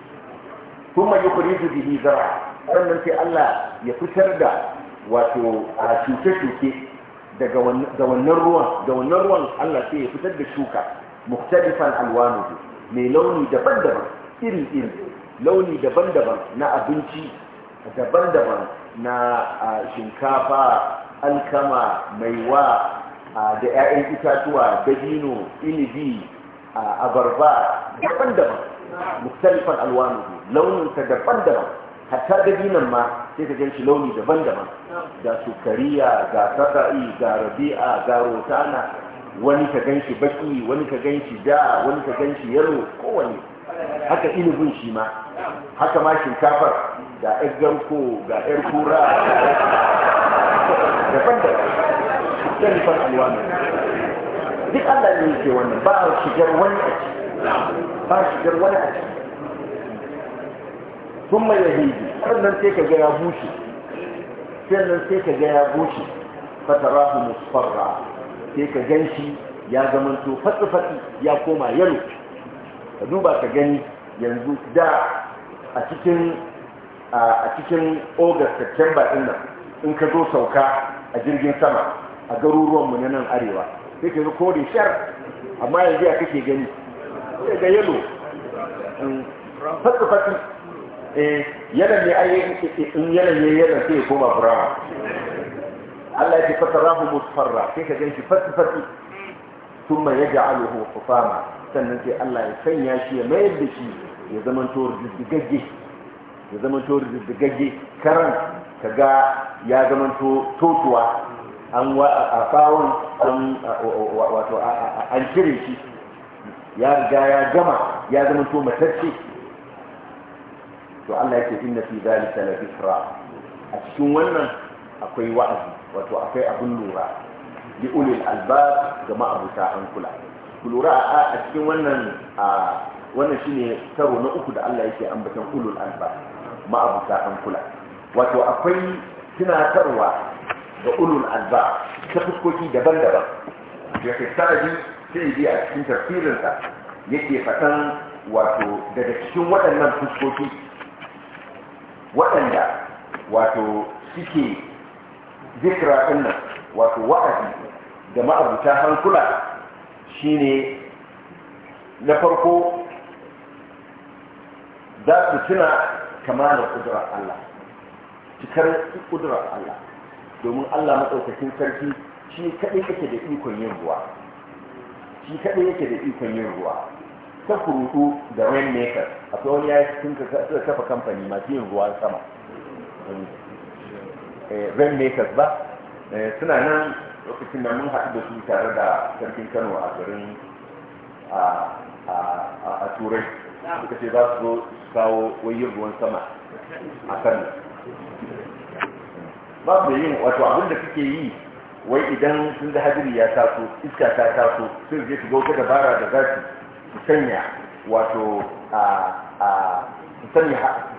kuma su bihi zar'a sannan sai Allah ya fitar da wato a shuke-shuke daga wannan ruwan da wannan ruwan Allah sai ya fitar da shuka muktalifan alwanu mai launi daban-daban iri-iri launi daban-daban na abinci daban-daban na shinkafa alkama maiwa da 'ya'yan itatuwa dabino inibi abarba daban-daban mustalifan alwanu launinsa daban-daban hatta dabinan ma sai ka launi daban-daban da sukariya ga saka'i ga rabi'a ga rotana wani ka gan shi baki wani ka gan shi da wani ka gan shi yaro kowane haka inubin shi ma haka ma shinkafar ga yar garko ga ɗan kura da fanta janifar alwami duk allah ne yake wannan ba a shigar wani a ciki ba a shigar wani a ciki sun mai yahidi sannan sai ka ga ya bushe sannan sai ka ga ya bushe fatarahu musfarra sai ka gan shi ya zamanto fatsi-fatsi ya koma yalo ka duba ka gani yanzu da a cikin a august september din nan in ka zo sauka a jirgin sama a garuruwanmu na nan arewa sai ka zo kore shar amma yanzu ya kake gani sai ga yalo mm, fatsi-fatsi eh in yalan yanayi yalan sai ya koma brown Allah ya ce fatarahu musfarra sai ka ganshi fatsi fatsi thumma yaj'aluhu hufama sannan sai Allah ya sanya shi ya mayar da shi ya zama to riddigagge ya zama to riddigagge karan kaga ya zama to totuwa an wa a bawon an wato an cire shi ya riga ya gama ya zama to matacce to Allah yake inna fi zalika la dhikra a cikin wannan akwai wa'azi wato akwai abin lura li ulil albab ga ma'abuta hankula ku lura a cikin wannan wannan shine karo na uku da Allah yake ambatan ulul albab ma'abuta hankula wato akwai tunatarwa ga ulul albab ta fuskoki daban-daban ya fi sarabi sai biya a cikin tafsirinsa yake fatan wato daga cikin waɗannan fuskoki waɗanda wato suke zikra din wato wa'azi da ma'abuta hankula shine na farko za su tuna kamalar kudurar Allah cikar kudurar Allah domin Allah matsaukakin sarki shi kaɗai yake da ikon yin ruwa shi kaɗai yake da ikon yin ruwa ta kurutu da rainmaker a wani ya yi cikin kafa kamfani masu yin ruwan sama Eh, rainmakers ba eh, suna nan lokacin da mun haɗu da su tare da sarkin kano a garin a turai suka ce za su zo su kawo wayyar ruwan sama a kano ba su da yin wato abin da suke yi wai idan sun da hadiri ya taso iska ta taso sun je su gauta dabara da za su sanya wato a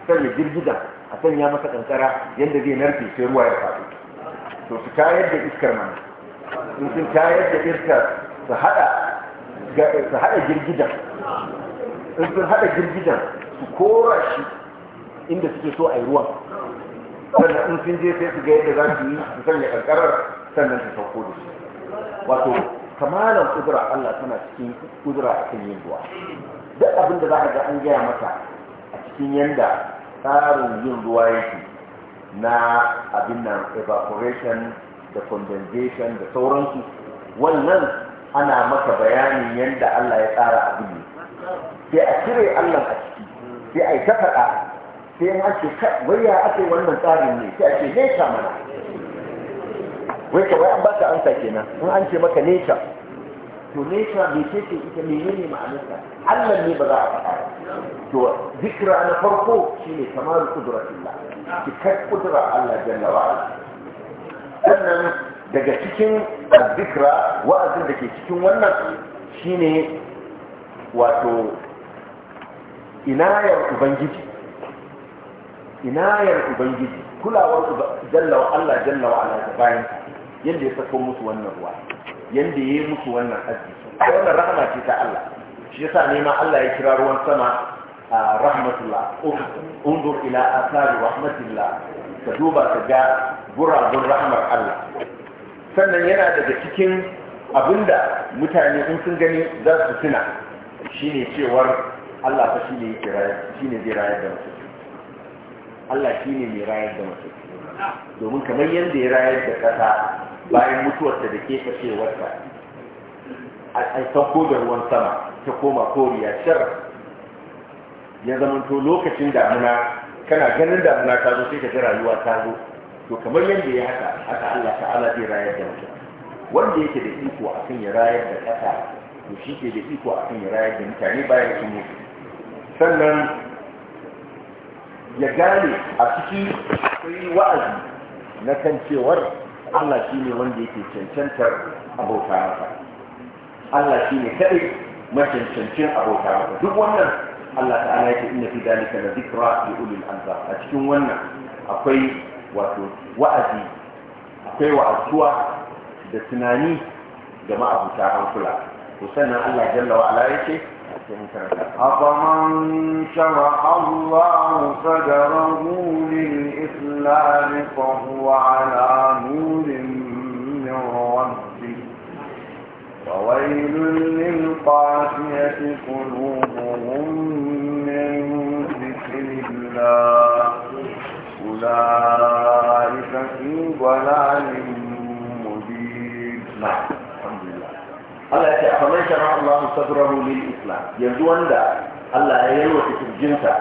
sanya girgidan a sanya masa kankara yadda zai narke sai ruwa ya faɗo to su tayar da iskar mana in sun tayar da iskar su haɗa su haɗa girgidan in sun haɗa girgidan su kora shi inda suke so a yi ruwan sannan in sun je sai su ga yadda za su yi su sanya kankarar sannan su sauko da shi wato kamalan kudura Allah tana cikin kudura a kan yin ruwa duk abin da za a ga an gaya mata a cikin yadda. tsarin yin ruwa yake na abin nan evaporation da condensation da sauransu wannan ana maka bayanin yadda Allah ya tsara abin ne sai a cire Allah a ciki sai a yi ta faɗa sai an ce wai ya ake wannan tsarin ne sai a ce ne mana wai ka wai an ba ka ansa kenan in an ce maka nature to me ta me ce ce ita menene ma'anarta Allah ne ba za a faɗa to zikra na farko shine kamar Ki kai kudura Allah jalla wa ala sannan daga cikin zikra wa'azin da ke cikin wannan shine wato inayar ubangiji inayar ubangiji kulawar jalla wa Allah jalla wa ala da bayan yadda ya sako musu wannan ruwa yanda ya yi wannan arziki wannan rahama ce ta Allah shi yasa nema Allah ya kira ruwan sama a rahmatullah undur ila asari rahmatullah ka duba ka ga gurabun rahmar Allah sannan yana daga cikin abinda mutane in sun gani za su tuna shine cewar Allah fa shine yake rayar shine zai rayar da mutum Allah shine mai rayar da mutum domin kamar yanda ya rayar da kasa bayan mutuwarta da keɓacewarta a sauko da ruwan sama ta koma koriya shar ya zamanto lokacin damuna kana ganin damuna ta zo sai ka ga rayuwa ta zo to kamar yadda ya haka haka Allah ta'ala zai rayar da mutum wanda yake da iko kan ya rayar da ƙasa to shi ke da iko kan ya rayar da mutane bayan sun mutu sannan ya gane a cikin akwai wa'azi na kan cewar Allah shi ne wanda yake cancantar abota masa Allah shi ne kaɗai macancancin abota masa duk wannan Allah ta'ala yake inna fi dalika la dhikra li ulil albab a cikin wannan akwai wato wa'azi akwai wa'azuwa da tunani ga ma'abuta hankula to sannan Allah jalla wa ala yake أفمن شرح الله صدره للإسلام فهو على نور من ربه فويل للقاسية قلوبهم من ذكر الله أولئك في ضلال مبين نعم. Allah ya ce a faman shara Allah sadrahu lil islam yanzu wanda Allah ya yalwata kirjinsa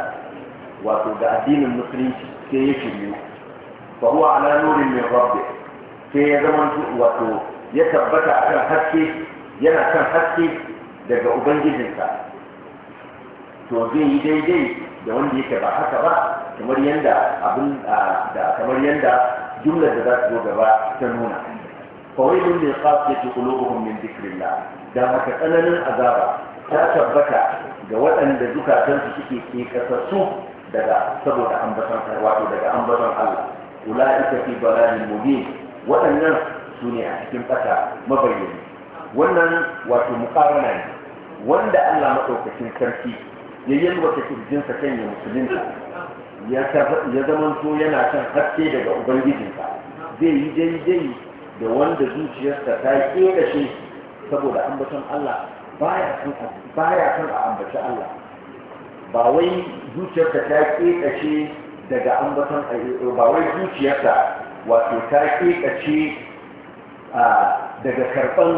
wato ga addinin musulunci sai ya shiryu fa huwa ala nurin min rabbi sai ya zama wato ya tabbata akan haske yana kan haske daga ubangijinsa to zai yi daidai da wanda yake ba haka ba kamar yanda abin da kamar yanda jumlar da za su zo gaba ta nuna fawailun lil qasiyati qulubuhum min dhikrillah dan haka tsananin azaba ta tabbata ga waɗanda zukatansu suke ke kasassu daga saboda ambaton wato daga ambaton Allah ulaika fi dalalin mubin waɗannan su ne a cikin ƙasa mabayyani wannan wato mukarana ne wanda Allah maɗaukacin sarki ya yalwata kirjinsa kan ya musulunta ya zama yana kan haske daga ubangijinsa zai yi daidai da wanda zuciyarsa ta kera shi saboda ambaton Allah baya son a ambaci Allah ba wai zuciyarsa ta kekace daga ambaton ba wai zuciyarsa wato ta kekace daga karban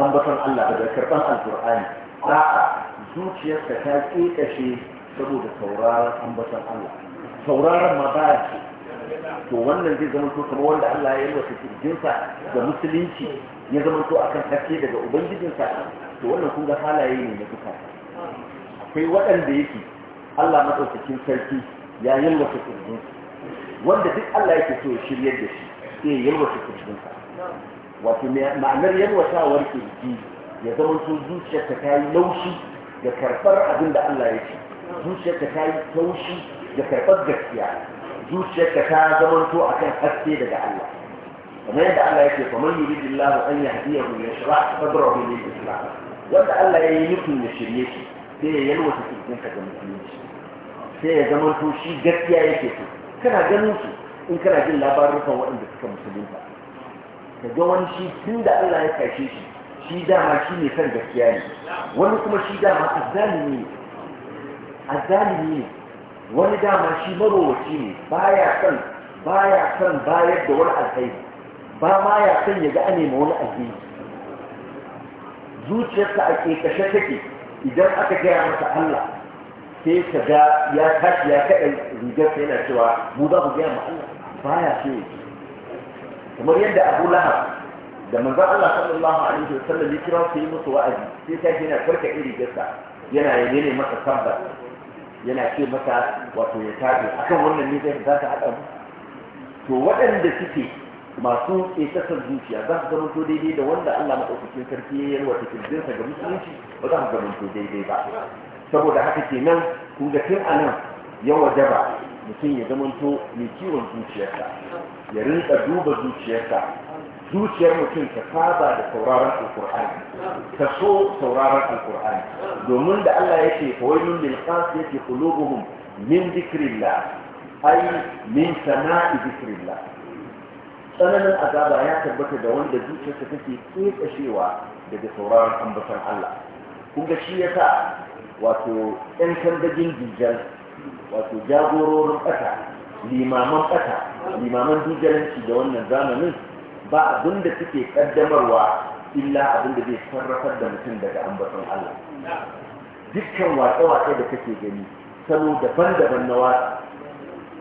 ambaton Allah daga karban alkur'ani a'a zuciyarsa ta kekace saboda sauraron ambaton Allah sauraron ma baya ce to wannan zai zama to kamar wanda Allah ya yalwata kirjinsa da musulunci ya zama to akan haske daga ubangijinsa to wannan kun ga halaye ne na duka akwai waɗanda yake Allah madaukakin sarki ya yalwata kirjinsa wanda duk Allah yake so ya shiryar da shi sai ya yalwata kirjinsa wato ma'anar yalwatawar kirji ya zama to zuciyarta ta yi laushi da karɓar abin da Allah ya ce zuciyarta ta yi taushi da karɓar gaskiya zuciyarka ta zamanto akan haske daga Allah kamar yadda Allah ya yake kamar yuridillahu an yahdiyahu ba sadrahu lil islam wanda Allah ya yi nufin ya shirye shi sai ya yalwata kirkinka ga musulunci sai ya zamanto shi gaskiya yake so kana ganin su in kana jin labarin kan waɗanda suka musulunta ka ga wani shi tun da Allah ya kashe shi shi dama shi ne kan gaskiya ne wani kuma shi dama azzalimi ne azzalimi ne wani dama shi marowaci ne baya son baya son bayar da wani alkhairi ba ma ya son ya ga a nema wani alheri zuciyarsa a ƙeƙashe take idan aka gaya masa Allah sai ka ga ya tashi ya kaɗa rigar yana cewa mu za mu gaya ma Allah ba ya so ya kamar yadda Abu Lahab da manzon Allah sallallahu alaihi wa sallam ya kira sai musu wa'azi sai ta yana farka irin rigarsa yana yene ne masa tabbata yana ce masa wato ya a akan wannan ne zai za ta haɗa mu to waɗanda suke masu ƙetasar zuciya za su zama to daidai da wanda Allah maɗaukakin sarki ya yarwa ta kirjinsa ga musulunci ba za su zama to daidai ba saboda haka kenan kun ga tun anan ya wajaba mutum ya zama to mai kiwon zuciyarsa ya rinka duba zuciyarsa zuciyar mutum ta saba da sauraron alkur'ani ta so sauraron alkur'ani domin da Allah yake fawailun lil qasiyati qulubuhum min dhikrillah ay min sana'i dhikrillah tsananin azaba ya tabbata da wanda zuciyarsa take kekashewa daga sauraron ambaton Allah kun ga shi yasa wato ɗan kandajin dijjal wato jagororin ƙasa limaman ƙasa limaman dijjalanci da wannan zamanin ba abin da suke kaddamarwa illa abin da zai sarrafar da mutum daga ambaton Allah dukkan watsa-watsa da kake gani salo daban-daban na watsa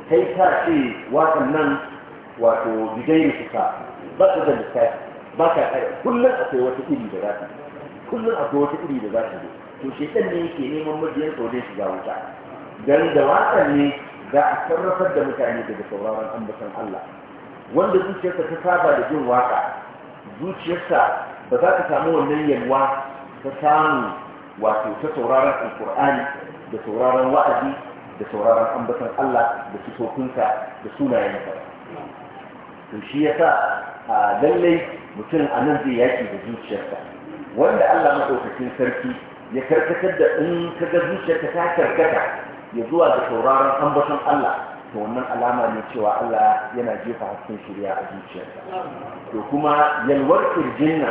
kai ta ce watsan nan wato bidai su sa ba su da lissafi ba ka kare kullum akwai wata iri da za ta kullum akwai wata iri da za ta zo to shekan ne yake neman mabiyan saurin shiga wuta dan da watsan ne za a sarrafar da mutane daga sauraron ambaton Allah wanda zuciyarsa ta saba da jin waka zuciyarsa ba za ta samu wannan yalwa ta samu wato ta sauraron alkur'ani da sauraron wa'azi da sauraron ambatan Allah da sifofinsa da sunayensa to shi yasa a lallai mutum a nan zai yaki da zuciyarsa wanda Allah madaukakin sarki ya karkatar da in kaga zuciyarka ta karkata ya zuwa da sauraron ambatan Allah to wannan alama ne cewa Allah yana jefa hasken shirya a zuciyarsa to kuma yalwar kirjin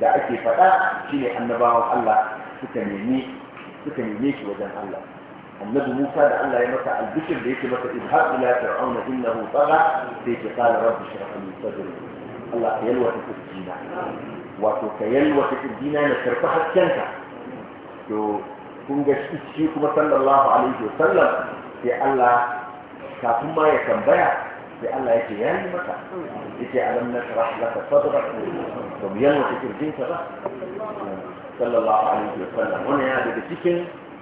da ake faɗa shine annabawan Allah suka neme suka neme shi wajen Allah annabi Musa da Allah ya masa albishir da yake masa idhab ila fir'auna innahu tagha sai ya qala rabbi shrah li sadri Allah ya ka ta kirjina wato ka ta kirjina na karfa haskenka to kun ga shi kuma sallallahu alaihi wasallam sai Allah kafin ma ya tambaya sai Allah yake ya yi maka yake alam na sharah laka sadra to mu yalwa cikin jinka ba sallallahu alaihi wa sallam wannan yana daga cikin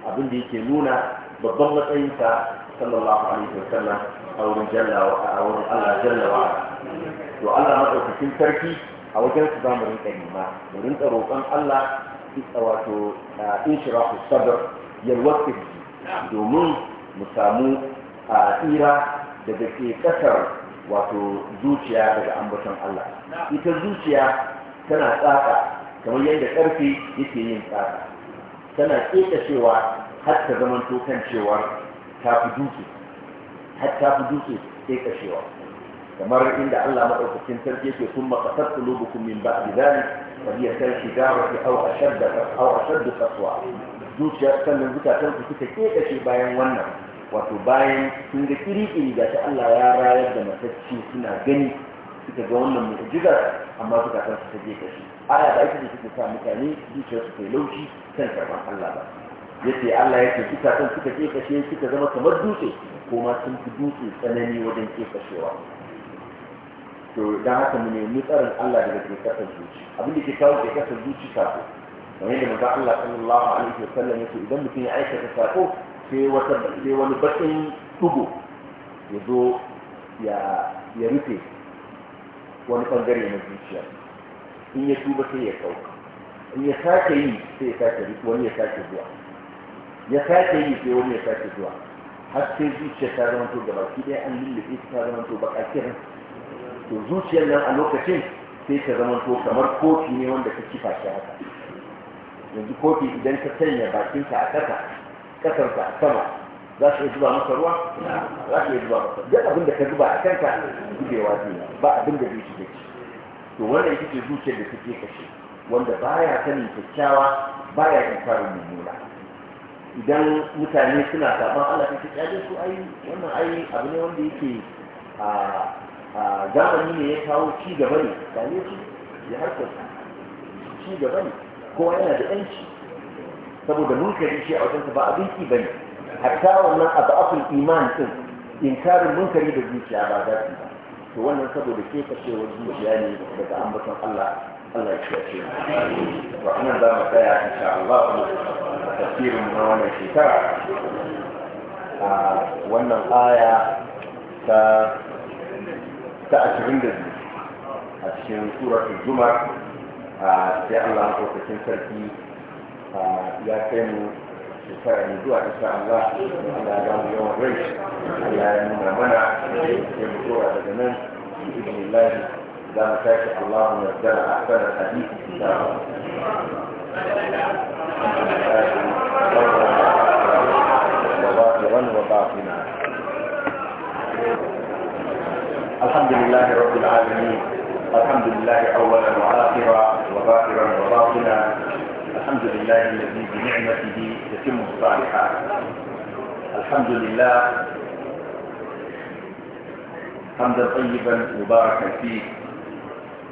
abin da yake nuna babban matsayinsa sallallahu alaihi wa sallam a wurin jalla a wurin Allah jalla wa to Allah madaukakin sarki a wajen su zamu rinka nima mu rinka roƙon Allah wato inshirahu sadr yalwa domin mu samu a tsira daga ke kasar wato zuciya daga ambaton Allah ita zuciya tana tsaka kamar yadda ƙarfi yake yin tsaka tana ƙeta cewa har ta zama tokan cewa ta fi duke har ta fi duke ƙeta cewa kamar inda Allah maɗaukacin sarki yake sun makasar qulubukum min ba'di dhalik wa hiya kal hijarati aw a aw ashadda fatwa zuciya sannan zukatan ku suka keta bayan wannan wato bayan sun ga kiri-kiri ga ta Allah ya rayar da matacci suna gani suka ga wannan mu'jizar amma suka san su je kashi aya da ake suke sa mutane zuciya su kai laushi kan karban Allah ba yace Allah yake suka san suka je kashi suka zama kamar dutse ko ma sun fi dutse tsanani wajen ke kashewa to dan haka mu nemi tsarin Allah daga ke kasar zuci abin da ke kawo ke kasar zuci kafin kamar yadda manzo Allah sallallahu alaihi wasallam yake idan mutum ya aikata sako sai wani bakin tugu ya zo ya rufe wani bangare na zuciya in ya tuba sai ya sauka in ya sake yi sai ya sake rufe wani ya sake zuwa ya sake yi sai wani ya sake zuwa har sai zuciya ta zama to gaba ki dai an lullube ta zama to baka kiran to zuciyar nan a lokacin sai ta zama to kamar kofi ne wanda ka kifa shi haka yanzu kofi idan ka sanya bakinka a ƙasa kasarsa a sama za su iya zuba masa ruwa za su iya zuba masa duk abin da ka zuba a kanka zubewa zai ba abin da zai da to wannan ita ce zuciyar da take kashe wanda baya sanin kyakkyawa baya inkarin mummuna idan mutane suna saban Allah ta kyakkyawa da su ai wannan ai abu ne wanda yake a zamani ne ya kawo ci gaba ne su ya harkar ci gaba ne kowa yana da yanci saboda munkari shi a wajen ta ba abin ki bane hatta wannan abu'aful iman din inkarin munkari da zuciya ba za su to wannan saboda ke kace wa zuciya ne daga ambaton Allah Allah ya kiyaye mu to ana da mu tsaya insha Allah tafsirin na wannan shekara a wannan aya ta ta 22 a cikin suratul zumar sai Allah ya kokarin sarki ya kai mu shekara ne zuwa insha Allah Allah ya mu yawan rai Allah ya nuna mana sai mu tura daga nan bismillah lahi za mu tashi Allah mu yarda da akwai da hadisi insha وباطنا الحمد لله رب العالمين الحمد لله اولا واخرا وظاهرا وباطنا الحمد لله الذي بنعمته تتم الصالحات الحمد لله حمدا طيبا مباركا فيه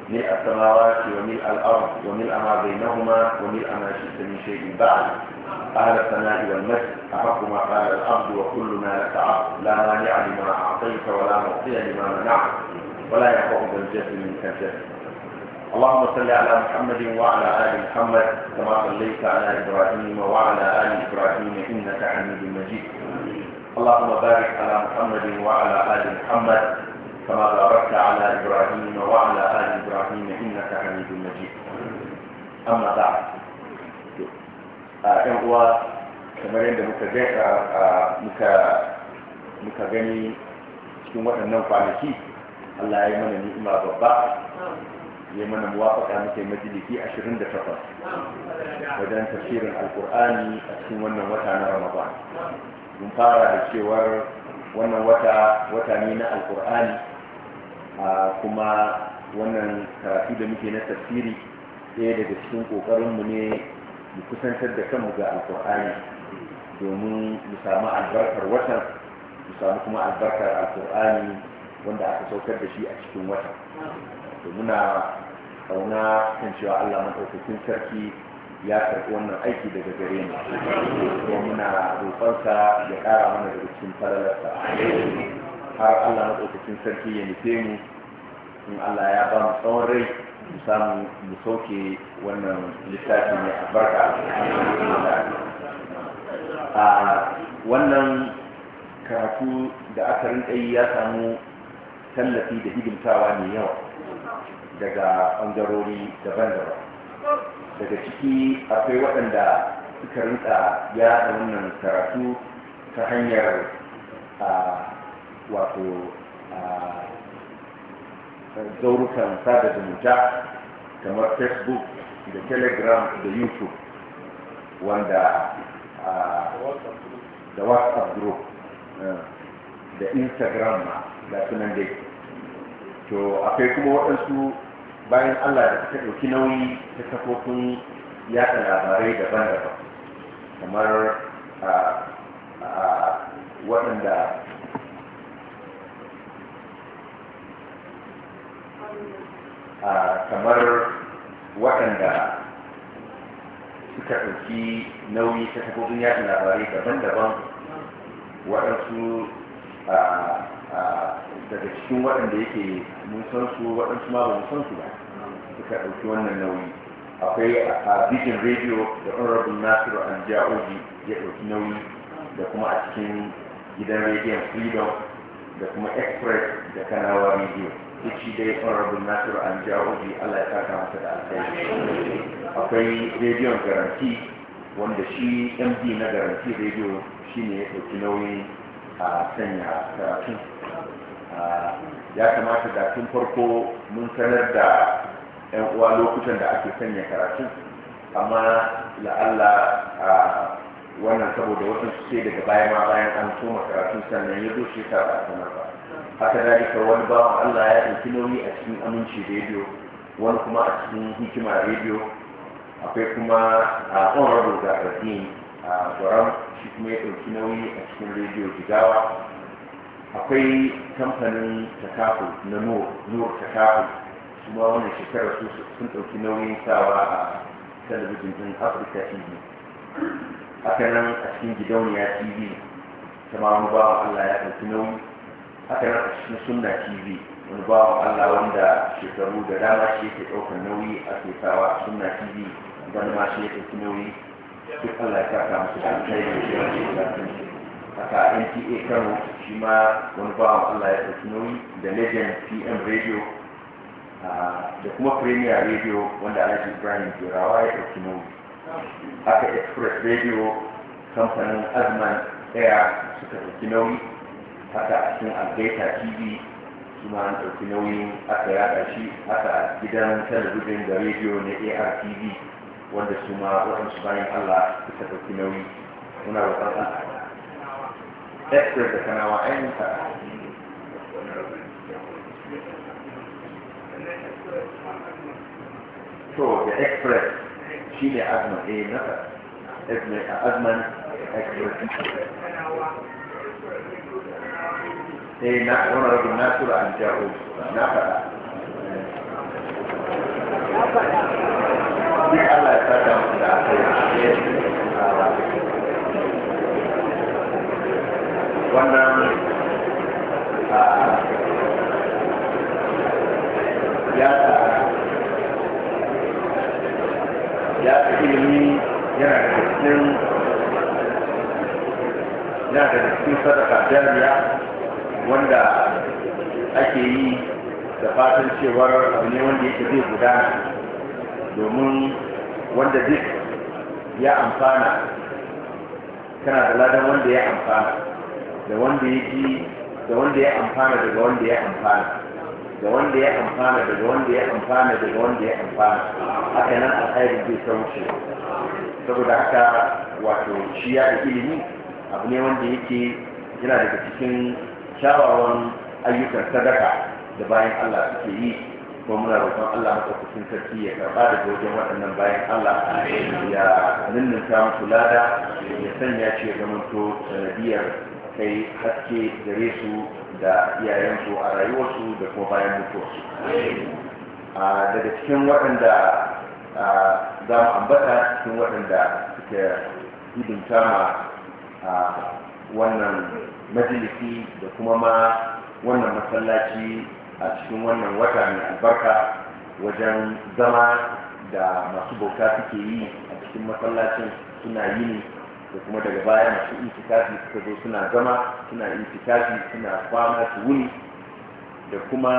ملء السماوات وملء الارض وملء ما بينهما وملء ما شئت من شيء بعد اهل الثناء والمجد احق ما قال الارض وكل ما لك عبد لا مانع لما اعطيت ولا معطي لما منعت ولا يقع ذا الجد منك الجد اللهم صل على محمد وعلى آل محمد كما صليت على إبراهيم وعلى آل إبراهيم إنك حميد مجيد اللهم بارك على محمد وعلى آل محمد كما باركت على إبراهيم وعلى آل إبراهيم إنك حميد مجيد أما بعد ان آه، هو كما يريد muka gani cikin waɗannan kwanaki Allah ya الله mana ni'ima babba ya mana muwafaka muke majaliki 28 wajen tafsirin alkur'ani a cikin wannan wata na ramadan mun fara da cewar wannan wata wata ne na alkur'ani kuma wannan karatu da muke na tafsiri ɗaya daga cikin ƙoƙarinmu ne mu kusantar da kanmu ga alkur'ani domin mu samu albarkar watan mu samu kuma albarkar alkur'ani wanda aka saukar da shi a cikin wata to muna kauna kan cewa Allah madaukakin sarki ya karɓi wannan aiki daga gare mu kuma muna sa ya ƙara mana da cikin falalarsa har Allah madaukakin sarki ya nufe mu in Allah ya ba mu tsawon rai mu samu mu sauke wannan littafi mai albarka a wannan karatu da aka rinka yi ya samu tallafi da hidimtawa ne yawa daga ɓangarori daban-daban daga ciki akwai waɗanda suka rinka yaɗa wannan karatu ta hanyar wato zaurukan sada zumunta kamar facebook da telegram da youtube wanda da whatsapp group eh, da instagram ma ga sunan dai to akwai kuma waɗansu bayan allah da suka ɗauki nauyi ta kafofin yaɗa labarai daban-daban kamar waɗanda kamar waɗanda suka ɗauki nauyi ta kafofin yaɗa labarai daban-daban waɗansu daga cikin waɗanda yake mun su waɗansu ma ba mu su ba suka ɗauki wannan nauyi akwai a vision radio da honorable nasiru anjaoji ya ɗauki nauyi da kuma a cikin gidan rediyon freedom da kuma express da kanawa radio duk shi dai honorable nasiru anjaoji allah ya saka masa da alkhairi akwai rediyon garanti wanda shi md na garanti radio shine ya ɗauki nauyi a sanya karatun Ah, ya kamata da tun farko mun sanar da yan uwa lokutan da ake sanya karatun amma la'alla ah, wannan saboda wasu suke daga baya ma bayan an soma karatun sannan ya zo shekara a sanar ba haka dalika wani bawan allah ya ɗauki nauyi a cikin aminci rediyo wani kuma a cikin hikima rediyo akwai kuma a ah, honorable da a shi kuma ya ɗauki nauyi a cikin rediyo jigawa akwai kamfanin takafu na nur takafu su ba wannan shekara su sun ɗauki nauyin sawa a talabijin ɗin afirka tv haka nan a cikin gidauniya tv ta ma wani bawan allah ya ɗauki nauyi haka nan a cikin sunna tv wani bawan allah wanda shekaru da dama shi yake ɗaukar nauyi a ke sawa a sunna tv wani ma shi ya ɗauki nauyi duk allah ya kaka musu da alkhairi da yawan shekaru a nta kano shi ma wani bawan allah ya ɗauki nauyi da legend pm radio da kuma premier radio wanda alhaji ibrahim turawa ya ɗauki nauyi haka express radio kamfanin azman air suka ɗauki nauyi haka cikin algaita tv su ma an ɗauki nauyin aka yaɗa shi haka a gidan talabijin da radio na artv wanda su ma waɗansu bayan allah suka ɗauki nauyi muna roƙon tested can our enter. So the express Chile Adman eh, A number. Ibn Adman Express. Eh, nak orang lagi nak sura anjau, nak apa? Di Allah tak ada yang tidak ada. wannan ya ya ilimi yana da cikin yana da cikin sadaka jariya wanda ake yi da fatan cewar abu ne wanda yake zai gudana domin wanda duk ya amfana Kana da ladan wanda ya amfana da wanda ya ji da wanda ya amfana daga wanda ya amfana da wanda ya amfana daga wanda ya amfana daga wanda ya amfana haka nan alkhairi zai sauce saboda haka wato shi ya da ilimi abu ne wanda yake yana daga cikin kyawawan ayyukan sadaka da bayan Allah suke yi kuma muna roƙon Allah maɗaukakin sarki ya karɓa da wajen waɗannan bayan Allah ya ninninka musu lada ya sanya shi ya zamanto sanadiyar kai haske gare su da iyayensu a rayuwarsu da kuma bayan mutuwarsu daga cikin waɗanda za mu ambata cikin waɗanda suke hidimta ma wannan majalisi da kuma ma wannan masallaci a cikin wannan wata mai albarka wajen zama da masu bauta suke yi a cikin masallacin suna yi ne da kuma daga baya masu itikafi suka zo suna zama suna itikafi suna kwana su wuni da kuma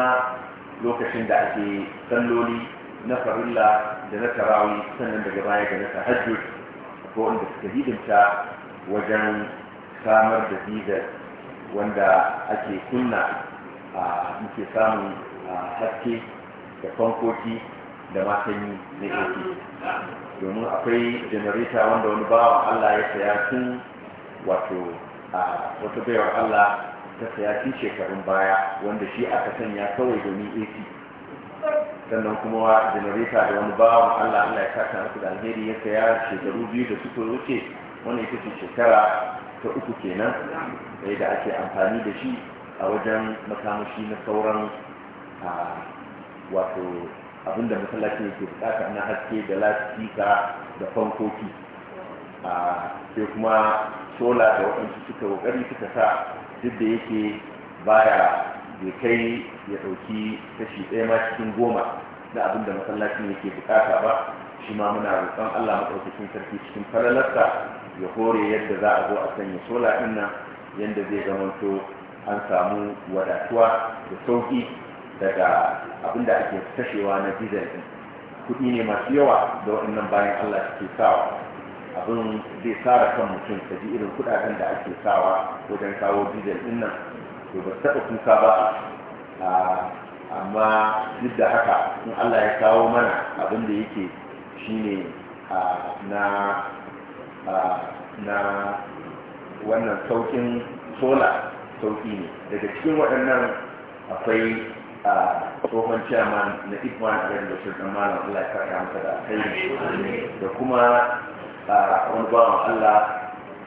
lokacin da ake salloli na farilla da na tarawi sannan daga baya da na tahajjud ko wanda suka hidimta wajen samar da bidar wanda ake kunna a muke samun haske da fankoki da makanyi yi na ap domin akwai janarita wanda wani bawan allah ya saya tun wato a wata bayar allah ta saya tun shekarun baya wanda shi aka sanya kawai domin ap sannan kuma janarita da wani bawan allah allah ya kasa masu da alheri ya saya shekaru biyu da suka wuce wani ita ce shekara ta uku kenan da ake amfani da shi a wajen makamashi na sauran wato abinda masallaci yake bukata na haske da lasifika da fankoki sai kuma sola da waɗansu suka kokari suka sa duk da yake baya bai kai ya ɗauki kashi ɗaya ma cikin goma na abinda masallacin yake bukata ba shi ma muna roƙon allah maɗaukakin sarki cikin falalarsa ya hore yadda za a zo a sanya sola ɗin nan yadda zai zamanto an samu wadatuwa da sauƙi daga abinda ake kashewa na dizel din kuɗi ne masu yawa da waɗannan bayan Allah suke sawa abin zai tsara kan mutum ta ji irin kuɗaɗen da ake sawa wajen kawo diesel din nan to ba taɓa kuka ba amma duk da haka in Allah ya kawo mana abin da yake shine na na wannan saukin sola sauki ne daga cikin waɗannan akwai a tsohon chairman na ikman a garin bashir dan malam allah ya saka da alkhairi da kuma wani bawan allah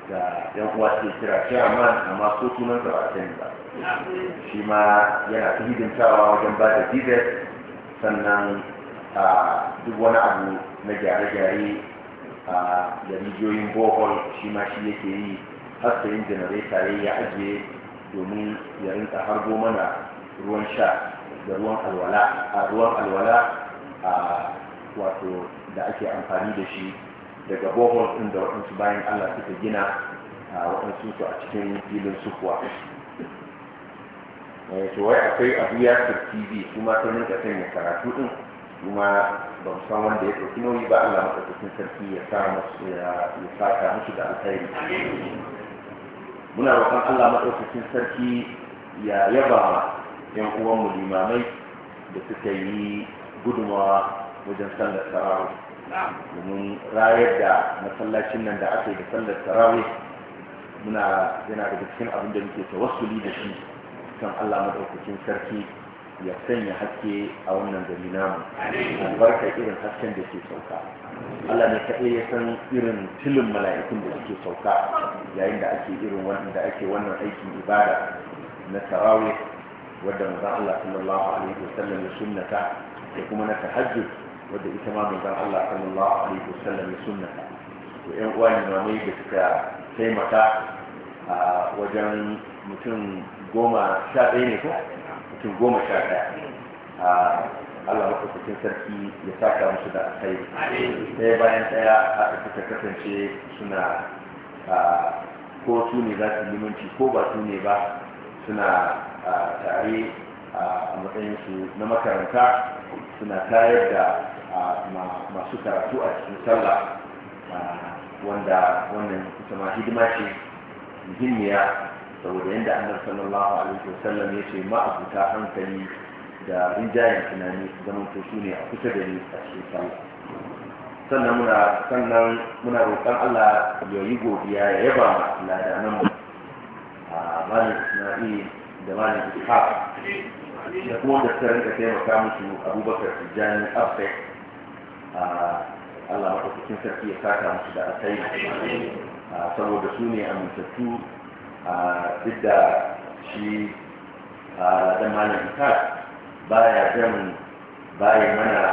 da yan uwa ke kira chairman amma ko sunan ba a sani ba shi ma yana ta hidimtawa wajen ba da dibet sannan duk wani abu na gyare-gyare da rijiyoyin bohol shi ma shi yake yi har sayin janareta ya ajiye domin ya rinka harbo mana ruwan sha da ruwan alwala a ruwan alwala a wato da ake amfani da shi daga bohol ɗin da waɗansu bayan allah suka gina a waɗansu su a cikin filin sukuwa eh, to wai akwai abu ya tv kuma ta ka sanya karatu ɗin kuma ba mu san wanda ya ɗauki nauyi ba allah maɗaukakin sarki ya sa ya saka musu da alkhairi muna roƙon allah maɗaukakin sarki ya yaba yan uwanmu limamai da suka yi gudumawa wajen sallar tarawih domin rayar da masallacin nan da aka yi da sallar tarawih muna yana da cikin abin da muke tawassuli da shi kan Allah madaukakin sarki ya sanya haske a wannan gari namu albarka irin hasken da ke sauka Allah ne kaɗai ya san irin tilin mala'ikun da suke sauka yayin da ake irin wannan da ake wannan aikin ibada na tarawih wadda manzan Allah sallallahu alaihi wasallam ya sunnata da kuma na tahajjud wadda ita ma manzan Allah sallallahu alaihi wasallam ya sunnata to ƴan uwa limamai da suka taimaka a wajen mutum goma sha ɗaya ne ko mutum goma sha ɗaya Allah maɗaukakin sarki ya saka musu da alkhairi ɗaya bayan ɗaya a suka kasance suna ko su ne za su yi limanci ko ba su ne ba suna tare a matsayinsu na makaranta suna tayar da masu karatu a cikin sallah wanda wannan ita ma hidima ce muhimmiya saboda yadda annabi sallallahu alaihi wasallam ya ce ma'abuta hankali da rinjayen tunani zaman to su ne a kusa da ni a cikin sallah sannan muna sannan muna roƙon Allah ya yi godiya ya yaba ma ladanan mu a malam isma'il da malam ishaq da kuma da suka ka taimaka musu abubakar tijjani abbe allah cikin sarki ya saka musu da alkhairi saboda su ne amintattu duk da shi dan malam ishaq baya jan baya mana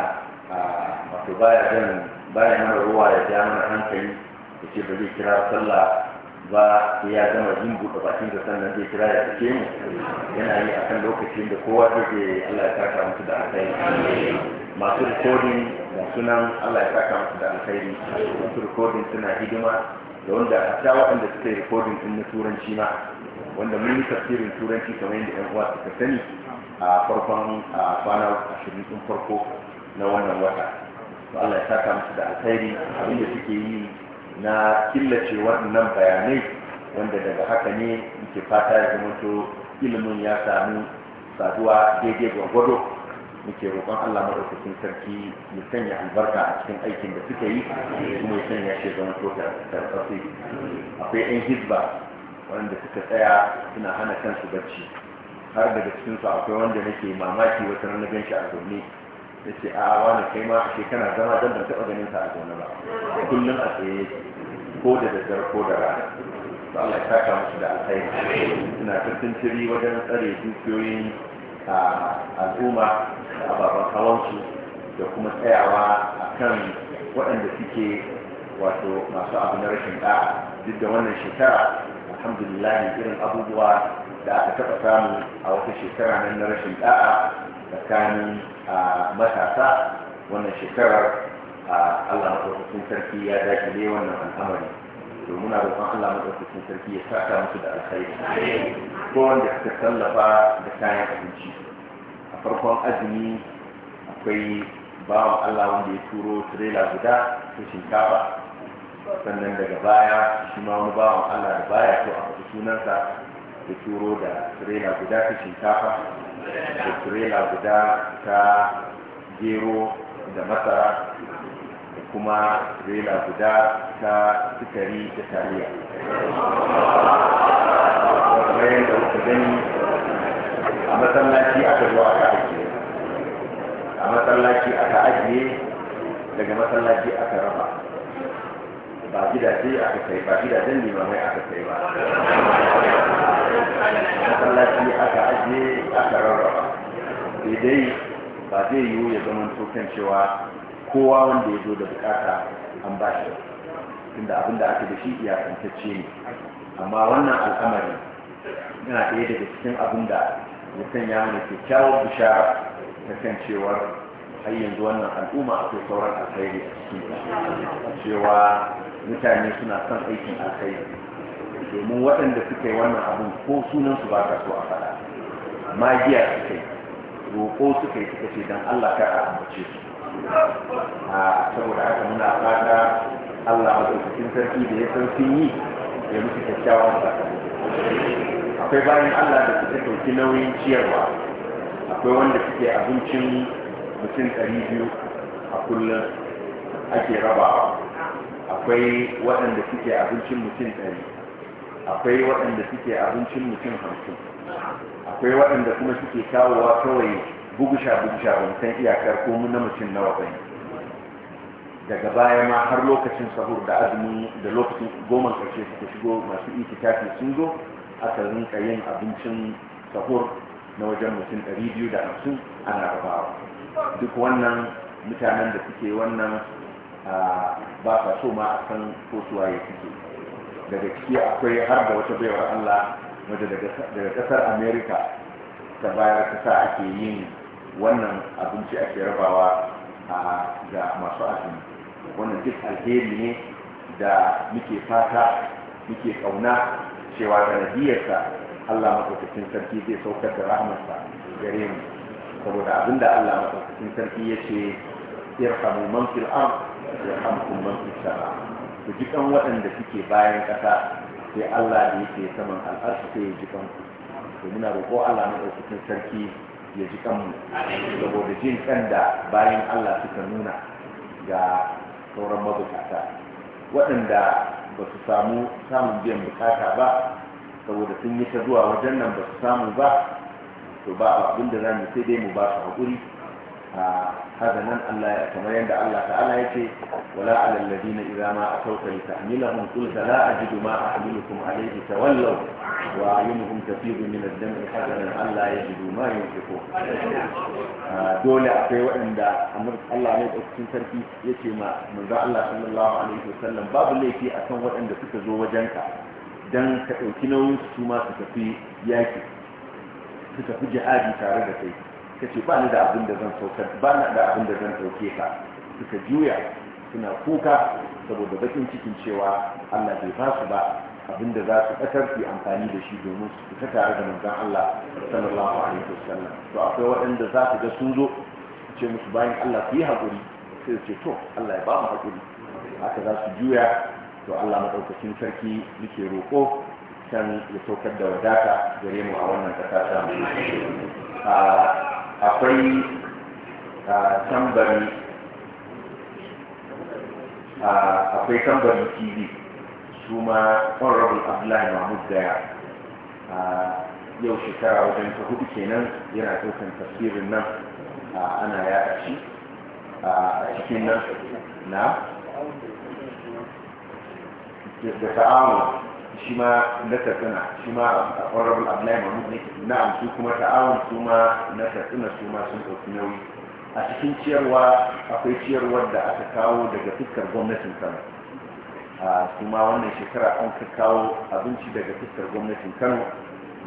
wato baya jan baya mana ruwa ya ja mana hankali da ce ba zai kira sallah ba sai ya gama jin buɗe bakin da sannan zai kira ya fice mu yana yi akan lokacin da kowa zai je Allah ya saka musu da alkhairi masu rikodin da sunan Allah ya saka musu da alkhairi masu rikodin suna hidima da wanda ta waɗanda suka yi rikodin din na turanci ma wanda mun yi tafsirin turanci kamar yadda ƴan uwa suka sani a farkon a kwana ashirin ɗin farko na wannan wata to Allah ya saka musu da alkhairi abinda suke yi na killace waɗannan bayanai wanda daga haka ne muke fata ya zama to ilimin ya sami saduwa daidai gwargwado muke roƙon Allah maɗaukakin sarki ya sanya albarka a cikin aikin da suka yi kuma ya sanya shi zama to tarfafi akwai 'yan hizba wanda suka tsaya suna hana kansu bacci har daga cikinsu akwai wanda nake mamaki wata ranar ganshi a zaune ya ce a wani kai ma shekara kana zama don da taɓa ganin sa a gona ba kullum a tsaye ko da daddare ko da rana to Allah ya saka musu da alkhairi suna tuntunturi wajen tsare dukiyoyin al'umma da ababen hawansu da kuma tsayawa a kan waɗanda suke wato masu abu na rashin ɗa duk da wannan shekara alhamdulillah irin abubuwa da aka taɓa samu a wata shekara nan na rashin ɗa'a tsakanin matasa wannan shekarar Allah maɗaukakin sarki ya dakile wannan al'amari to muna roƙon Allah maɗaukakin sarki ya saka musu da alkhairi ko wanda suka tallafa da kayan abinci a farkon azumi akwai bawan Allah wanda ya turo tirela guda ta shinkafa sannan daga baya shi ma wani bawan Allah da baya to a faɗi sunansa da turo da tirela guda ta shinkafa da tirela guda ta gero da masara da kuma tirela guda ta sukari da taliya kamar yadda kuka gani a masallaci aka zuwa aka ajiye a masallaci aka ajiye daga masallaci aka raba ba gidaje aka kai ba gidajen limamai aka kai ba masallaci aka ajiye aka rarraba sai dai ba zai yiwu ya zama tokan cewa kowa wanda ya zo da bukata an ba shi inda abin da aka da shi kantacce ne amma wannan al'amari yana ɗaya daga cikin abin da ya sanya mana kyakkyawar bishara ta kan cewa har yanzu wannan al'umma akwai sauran alkhairi a cikin cewa mutane suna son aikin alkhairi domin waɗanda suka yi wannan abin ko sunan su ba ka so a faɗa magiya suka yi roƙo suka yi suka ce don Allah ka a ambace su a saboda haka muna fata Allah cikin sarki da ya san sun yi ya musu kyakkyawan sakamako akwai bayan Allah da suka ɗauki nauyin ciyarwa akwai wanda suke abincin mutum ɗari biyu a kullum ake rabawa akwai waɗanda suke abincin mutum ɗari akwai waɗanda suke abincin mutum hamsin akwai waɗanda kuma suke kawowa kawai bugusha bugusha ban san iyakar ko na mutum na ba daga baya ma har lokacin sahur da azumi da lokacin goma karshe suka shigo masu tafi sun zo aka rinka yin abincin sahur na wajen mutum ɗari biyu da hamsin ana rabawa duk wannan mutanen da suke wannan ah, ba sa so ma a san ko suwaye suke daga ciki akwai har da wata baiwar allah wadda daga kasar Amerika ta bayar kasa ake yin wannan abinci ake rabawa a ga masu azumi wannan duk alheri ne da muke fata muke ƙauna cewa da nadiyarsa allah maɗaukakin sarki zai saukar da rahmarsa gare mu saboda abinda allah maɗaukakin sarki ya ce irhamu man fil ard yarhamkum man fis sama' ku ji ɗan waɗanda suke bayan ƙasa sai Allah da yake saman al'arsu sai ya ji ɗan ku to muna roƙo Allah na ɗaukakin sarki ya ji ɗan mu saboda jin ɗan da bayan Allah suka nuna ga sauran mabukata waɗanda ba su samu samun biyan bukata ba saboda sun yi ta zuwa wajen nan ba su samu ba to ba abin da za mu sai dai mu ba su haƙuri هذا نن الله كما يندى الله تعالى يتي ولا على الذين إذا ما أتوك لتحملهم قلت لا أجد ما أحملكم عليه تولوا وأعينهم تفيض من الدمع حزنا ألا يجدوا ما ينفقون دولة أقوى عند أمر الله عليه أكسين تركي يتي ما من الله صلى الله عليه وسلم باب اللي في أكون عند تكزو وجنك دان كأوكينو سما ستفي ياكي ستفي جهادي تارد كيكي ta ce ba ni da abin da zan saukar ba ni da abin da zan sauke ka suka juya suna kuka saboda bakin cikin cewa Allah bai ba su ba abin da za su ƙasar su amfani da shi domin su fita tare da manzon Allah sallallahu alaihi wasallam to akwai waɗanda za su ga sun zo ce musu bayan Allah ku yi haƙuri sai su ce to Allah ya ba mu haƙuri haka za su juya to Allah maɗaukakin sarki muke roƙo can ya saukar da wadata gare mu a wannan ƙasa ta mu ah, akwai tambari akwai tambari tv su ma honorable abdullahi mahmud gaya yau shekara wajen ta hudu kenan yana daukan tafsirin nan ana yaɗa shi a cikin nan na da ta'amu shi ma na a abdullahi na kuma ta'awun su ma na sun ɗauki nauyi a cikin ciyarwa akwai ciyarwar da aka kawo daga fuskar gwamnatin kano a su wannan shekara an ka kawo abinci daga fuskar gwamnatin kano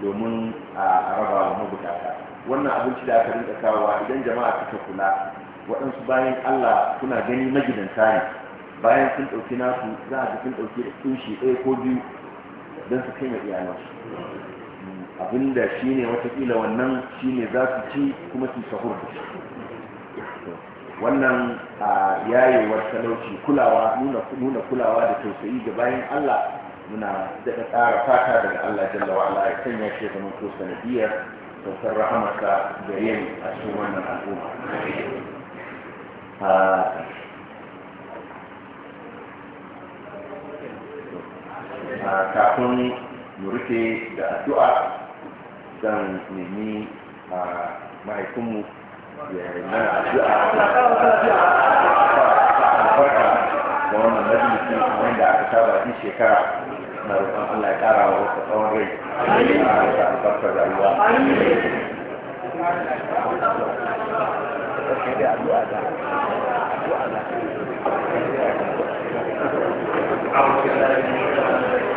domin a raba wa mabukata wannan abinci da aka rinka kawowa idan jama'a suka kula waɗansu bayan allah kuna gani magidanta ne bayan sun ɗauki nasu za a sun ɗauki da ɗaya ko biyu don su kai iyalansu abinda shi ne watakila wannan shi ne za su ci kuma su sahur da shi wannan a yayewar talauci kulawa nuna kulawa da tausayi da bayan allah muna daga tsara fata daga allah jalla wa'ala ya sanya shi zama ko sanadiyar saukar rahamarsa da yin a cikin wannan al'umma kafin mu rufe da addu'a zan nemi mahaifinmu ya yi mana addu'a barka da wannan majalisi da aka saba din shekara na roƙon Allah ya ƙara wa wasu tsawon rai da albarkar rayuwa. Thank you.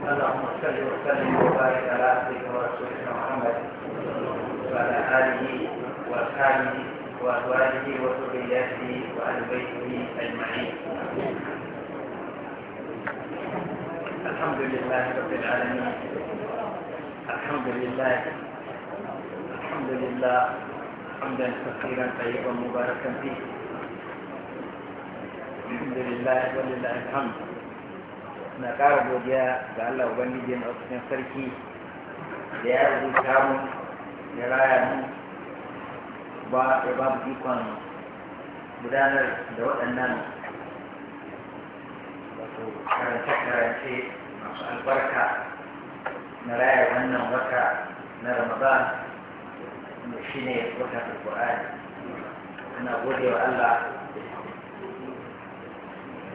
اللهم صل وسلم وبارك على عبدك ورسولك محمد وعلى اله واصحابه وازواجه وذرياته وال بيته اجمعين الحمد لله رب العالمين الحمد لله الحمد لله حمدا كثيرا طيبا مباركا فيه الحمد لله ولله الحمد na ƙara godiya ga Allah Ubangiji na ofishin sarki da ya rubuta mu ya raya mu ba ya ba ikon gudanar da waɗannan wato karance-karance masu albarka na raya wannan wata na Ramadan da shi ne wata Alƙur'ani. Ana gode wa Allah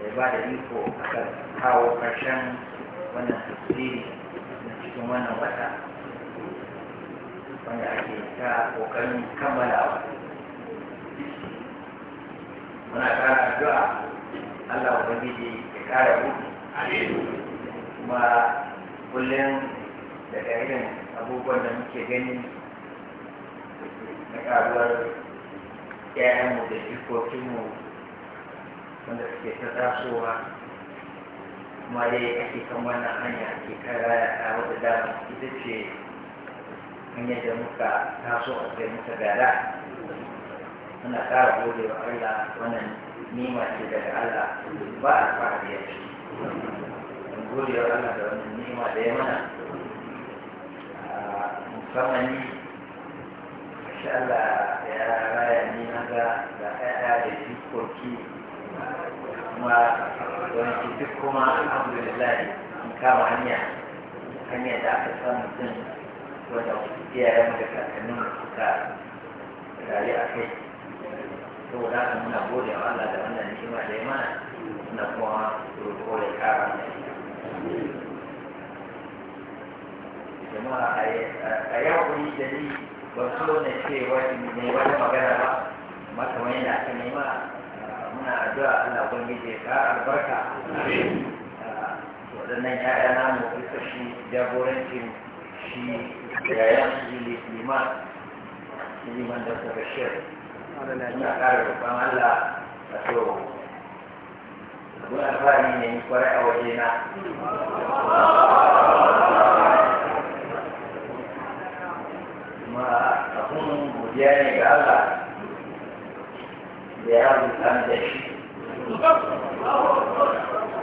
ya ba da iko kan kawo ƙarshen wannan tafsiri na cikin wannan wata wanda ake ta ƙoƙarin kammalawa muna kara addu'a Allah Ubangiji ya kara buɗe kuma kullum daga irin abubuwan da muke gani na ƙaruwar 'ya'yanmu da jikokinmu wanda suke ta tasowa kuma dai ake kan wannan hanya ke kara a wata dama ita ce hanyar da muka taso a kai muka gada muna kara gode wa Allah wannan nima ce daga Allah ba a fara da yake gode wa Allah da wannan nima da ya mana musamman ni insha Allah ya raya ni na ga da ƴaƴa da jikoki kuma yawanci duk kuma alhamdulillah in kama hanya hanya da aka samu din wanda iyayen da kakannin suka rayu a kai saboda haka muna gode wa Allah da wannan ni'ima da ya mana muna kuma roƙo ya kara jama'a a yawon da ni ban so na cewa ne wata magana ba amma kamar yadda aka nema muna addu'a Allah ubangiji ya ƙara albarka ah, waɗannan ƴaƴa namu bisa shi jagorancin shi yayan su liman liman da ta bashir muna ƙara roƙon Allah a to abin alfahari ne ni kwarai a waje wajena kuma abin godiya ne ga Allah da ya rubuta da shi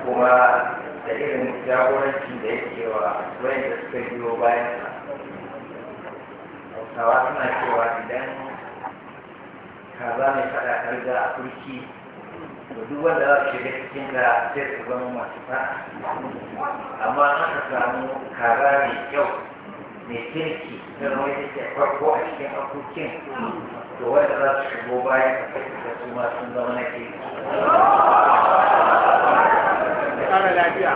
kuma da irin jagoranci da yake wa wanda suka biyo bayan sa hausawa suna cewa idan kaza mai fada karga a turki to duk wanda za su shiga cikin da sai su zama masu fada amma aka samu kaza mai kyau mai kirki ta zama yake farko a cikin akokin to wanda za su shigo bayan ka kai da su masu sun zama na ke ƙara lafiya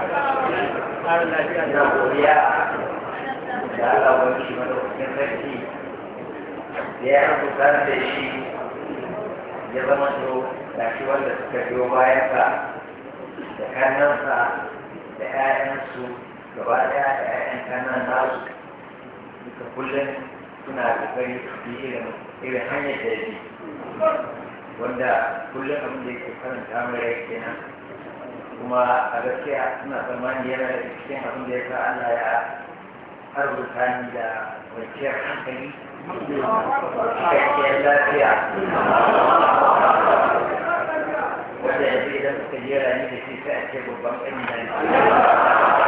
ƙara lafiya da godiya da Allah wani shi mana wakilin sarki da ya rubuta da shi ya zama to da shi wanda suka biyo bayan ka da kannansa da 'ya'yansu gaba ɗaya da 'ya'yan kannan nasu duka kullum suna kokari su yi irin irin hanyar da yake wanda kullum abin da yake karanta mai kenan kuma a gaskiya suna tsammani yana da cikin abin da ya sa Allah ya harbuta ni da kwanciyar hankali cikakkiyar lafiya wanda yanzu idan suka jera ni da shi sai a ce babban da ne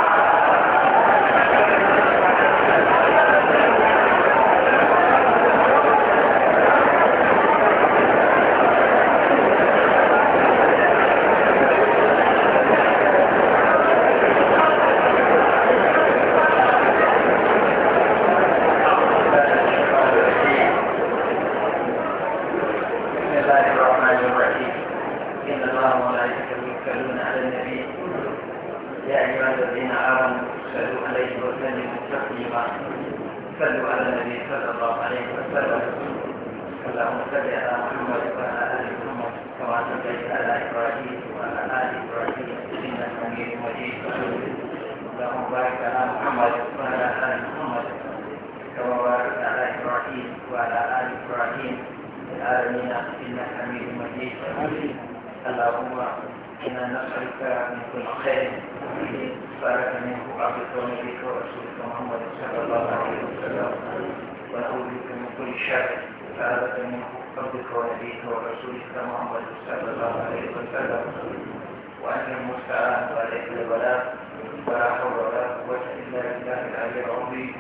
نبيه ورسولك محمد صلى الله عليه وسلم وأن المستعان وعليك الولاء ولا حول ولا قوة إلا بالله العلي العظيم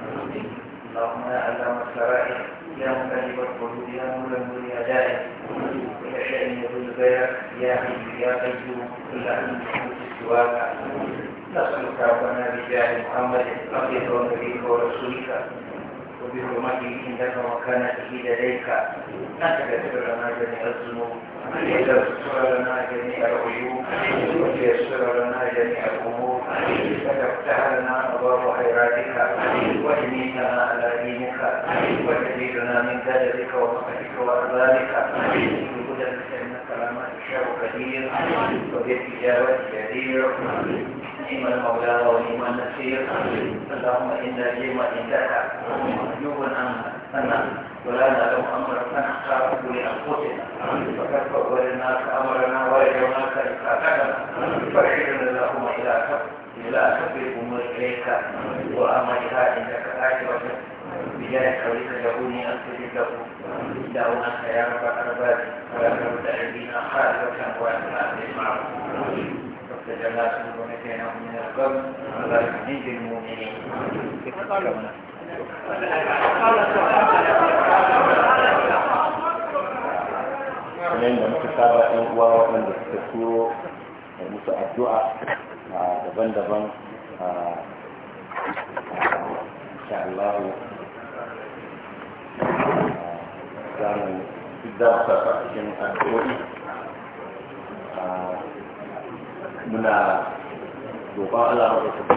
اللهم لا علام السرائر يا مقلب القلوب يا نور النور يا دائم كل شيء يدل غيرك يا حي يا قيوم كل أمر سواك نسألك ربنا بجاه محمد الله ونبيك ورسولك وبحرمته وكان وكانته لديك أنت تغفر لنا جميع الذنوب وتغفر لنا جميع العيوب وتيسر لنا جميع الأمور وتفتح لنا أبواب خيراتك وتميتنا على دينك وتزيدنا من ذلك ومقتك وأرضانك بهدى فإنك لما تشاء كثير وبالتجارة كثير إما المولى وإما النصير اللهم انا جيما انتهى مهجوب عنا أنا ولا نعلم أمرا فنختاره لأنفسنا فقد ولناك أمرنا ولناك إساقنا فارحلنا اللهم إلى إلى أكب الأمور إليك وأمرها عندك آخر بجاه قولك جعوني أسجد له دعوناك يا رب الأرباب ولا تبدأ بنا خالقا وأنت أهل وتجلى سرور بينهم من الغم وذلك عند المؤمنين yanayin da muka saba ɗan uwa waɗanda suka turo da musu addu'a daban-daban inshallahu za mu duk za mu cikin addu'o'i muna roƙon Allah wa ta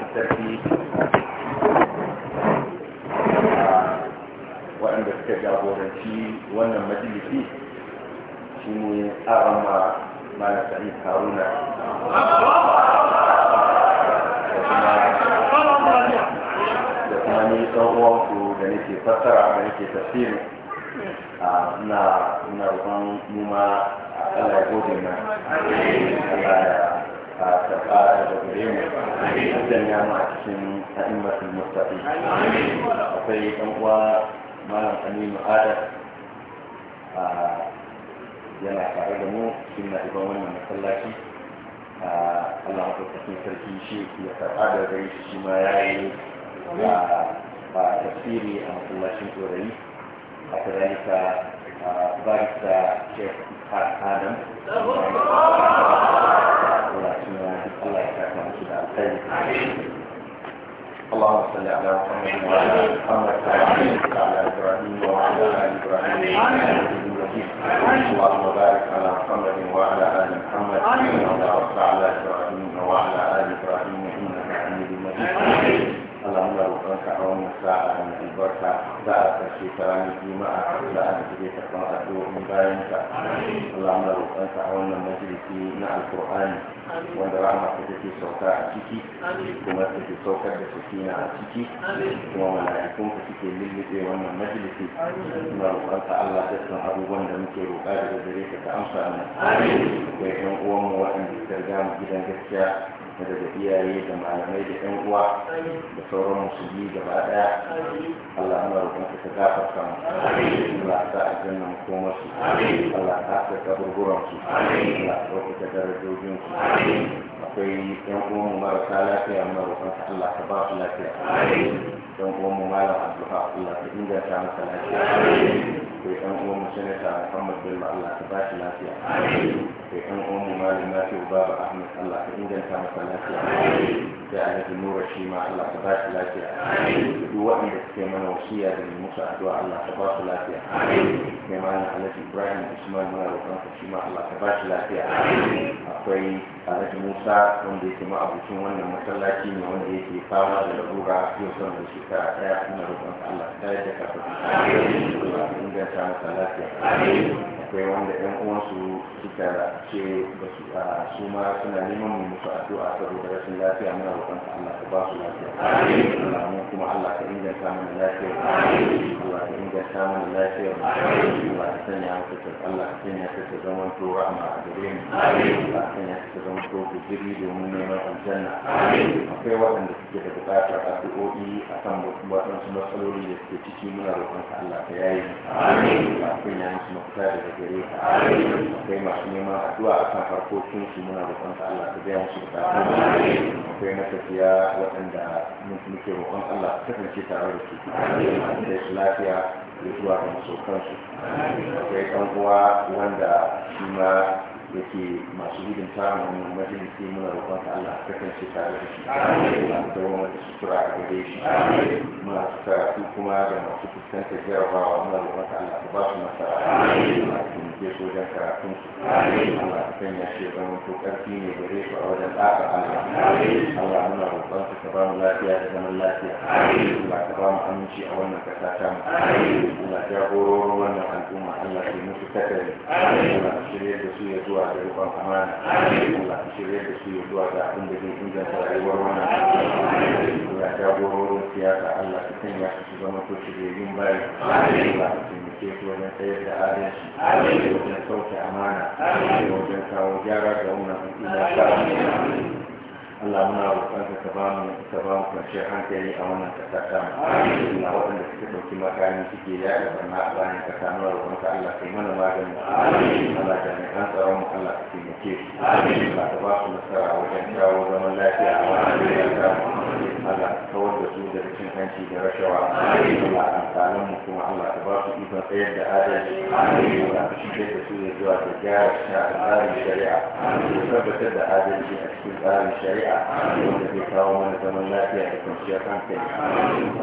a waɗanda suka jagoranci wannan majalisi shi ne arama mana tsari haruna da kuma ni ɗan su da nake fassara da nake tafsiri ah, na roƙon mu a Allah ya gode na Allah ya a karɓa daga gare mu da ya ma cikin a'immatul mustafi akwai ɗan uwa malam aminu adar yana tare da mu cikin na ɗiban wannan masallaci Allah maɗaukakin sarki shi ya karɓa da gare shi shi ma ya yi a tafsiri a masallacin tsorayi a a barista shekaru adam اللهم صل على محمد وعلى ال محمد وعلى ابراهيم وعلى ال ابراهيم اللهم بارك على محمد وعلى ال محمد وبارك على ابراهيم وعلى ال ابراهيم انك حميد مجيد Allah muna roƙonka a wannan sa'a mai albarka za a kashe ta ranar juma'a da aka shige karɓar addu'o'in bayanka Allah muna roƙonka a wannan majalisi na alkur'ani wanda rahama ta take sauka a ciki kuma ta ke saukar da sakina a ciki kuma mala'ikun ka suke lullube wannan majalisi muna roƙonka Allah ta san abubuwan da muke roƙa daga gare ka ta amsa mana akwai ƴan uwanmu waɗanda suka riga gidan gaskiya da daga iyaye da malamai da yan uwa da sauran musulmi gaba daya Allah ana roƙon ka gafarta mu Allah ka aljanna mu koma su Allah ka ka kaburburan su Allah ka ka darajojin su akwai yan uwan mu marasa lafiya mu roƙon Allah ta ba su lafiya yan uwa mu malam Abdullah Allah ta inganta masa lafiya akwai ɗan uwan mu sanata Muhammad Bello Allah ka bashi lafiya akwai ɗan uwan malam Nafi'u Baba Ahmed Allah ta inganta masa lafiya da Alhaji Nura shi ma Allah bashi lafiya duk waɗanda suke mana wasiya da mu musu addu'a Allah ka ba su lafiya Alhaji Ibrahim Usman muna roƙon ka shi ma Allah ka bashi lafiya akwai Alhaji Musa wanda yake ma abucin wannan masallaci ne wanda yake fama da larura yau sama da shekara ɗaya roƙon ka Allah ka karanta masa lafiya akwai wanda yan uwansu suka ce da su a su ma suna neman mu musu addu'a saboda rashin lafiya muna roƙon ta Allah ta ba su lafiya Allah mu kuma Allah ka inganta mana lafiya Allah ka inganta mana lafiya Allah ka sanya mu ta Allah ka sanya ta ta zama to rahama a gare mu Allah ka sanya ta zama to gudiri domin neman aljanna akwai waɗanda suke da buƙatar addu'o'i a kan wasu matsaloli da suke ciki muna roƙon ta Allah ka yaye mu Allah ka sanya musu mafita daga gare ka masu neman addu'a a kan sun su muna da ka Allah ka biya musu kai na tafiya waɗanda muke roƙon Allah ta kasance tare da su da su lafiya da zuwa ga kansu akwai ɗan uwa wanda shi ma yake masu gudun samun wannan majalisi muna roƙon ka Allah ka kasance tare da shi da wani da sutura a gare shi masu karatu kuma da masu fuskantar jarabawa muna roƙon ka Allah ka ba su nasara a tunke su wajen karatun su Allah ka sanya shi zama to ƙarfi ne gare su a wajen ɗaga Allah Allah muna roƙon ka ba mu lafiya da zaman lafiya Allah ka ba mu aminci a wannan ƙasa ta mu Allah jagororin wannan al'umma Allah ke musu kadari Allah shirya da su ya zuwa zuwa da rikon amana Allah ka shirya da su zuwa ga abin da zai inganta rayuwar wannan ya jagororin siyasa Allah ka sanya su su zama to shiryayyun bayan Allah ka taimake su wajen tsayar da adalci wajen sauke amana wajen kawo gyara ga wannan al'umma ta Allah muna roƙonka ka ba mu ka ba mu kwanciyar hankali a wannan ƙasa ta na waɗanda suka ɗauki makami suke yaɗa barna a bayan ƙasa muna ka Allah kai mana magani Allah jami'an tsaron mu Allah ka taimake su Allah ka ba su nasara wajen kawo zaman lafiya a wannan ƙasa Allah da su da cin hanci da rashawa Allah amfanin mu kuma Allah ka ba su ikon tsayar da adalci Allah ka shige da su ya zuwa ga gyara tsarin shari'a ka tabbatar da adalci a cikin tsarin shari'a wanda zai kawo mana zaman lafiya da kwanciyar hankali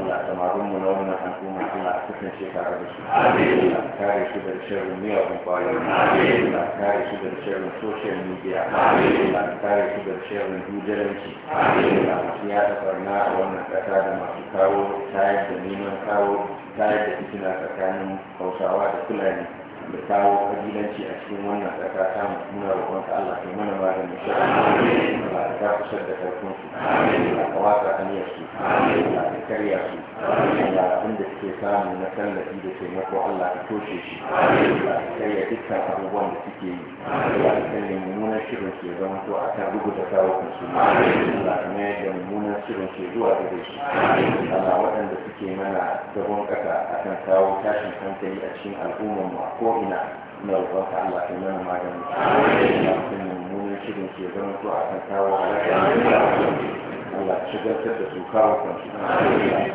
Allah mu na wannan al'umma kuma a cikin shekara da su Allah kare su sharrin miyagun kwayoyi Allah kare su sharrin social media Allah kare su sharrin Allah a wannan kasa da masu kawo tayar da neman kawo tayar da fitina tsakanin hausawa da fulani da kawo kabilanci a cikin wannan tsaka ta muna roƙon ka Allah kai mana magani shi Allah ka kafusar da karfin su Allah ka watsa aniyar su Allah ka karya su Allah abin da suke samu na tallafi da taimako Allah ka toshe shi Allah ka karya dukkan abubuwan da suke yi Allah ka sanya mummunan shirin ke zama to a kan rugu da kawo kansu Allah ka mayar da mummunan shirin ke zuwa da su Allah waɗanda suke mana gaban ƙasa akan kawo tashin hankali a cikin al'ummar mu a ina na ta Allah kai mana magani da mummunan shirin ke zama to a kan kawo Allah shagaltar da su kawo kansu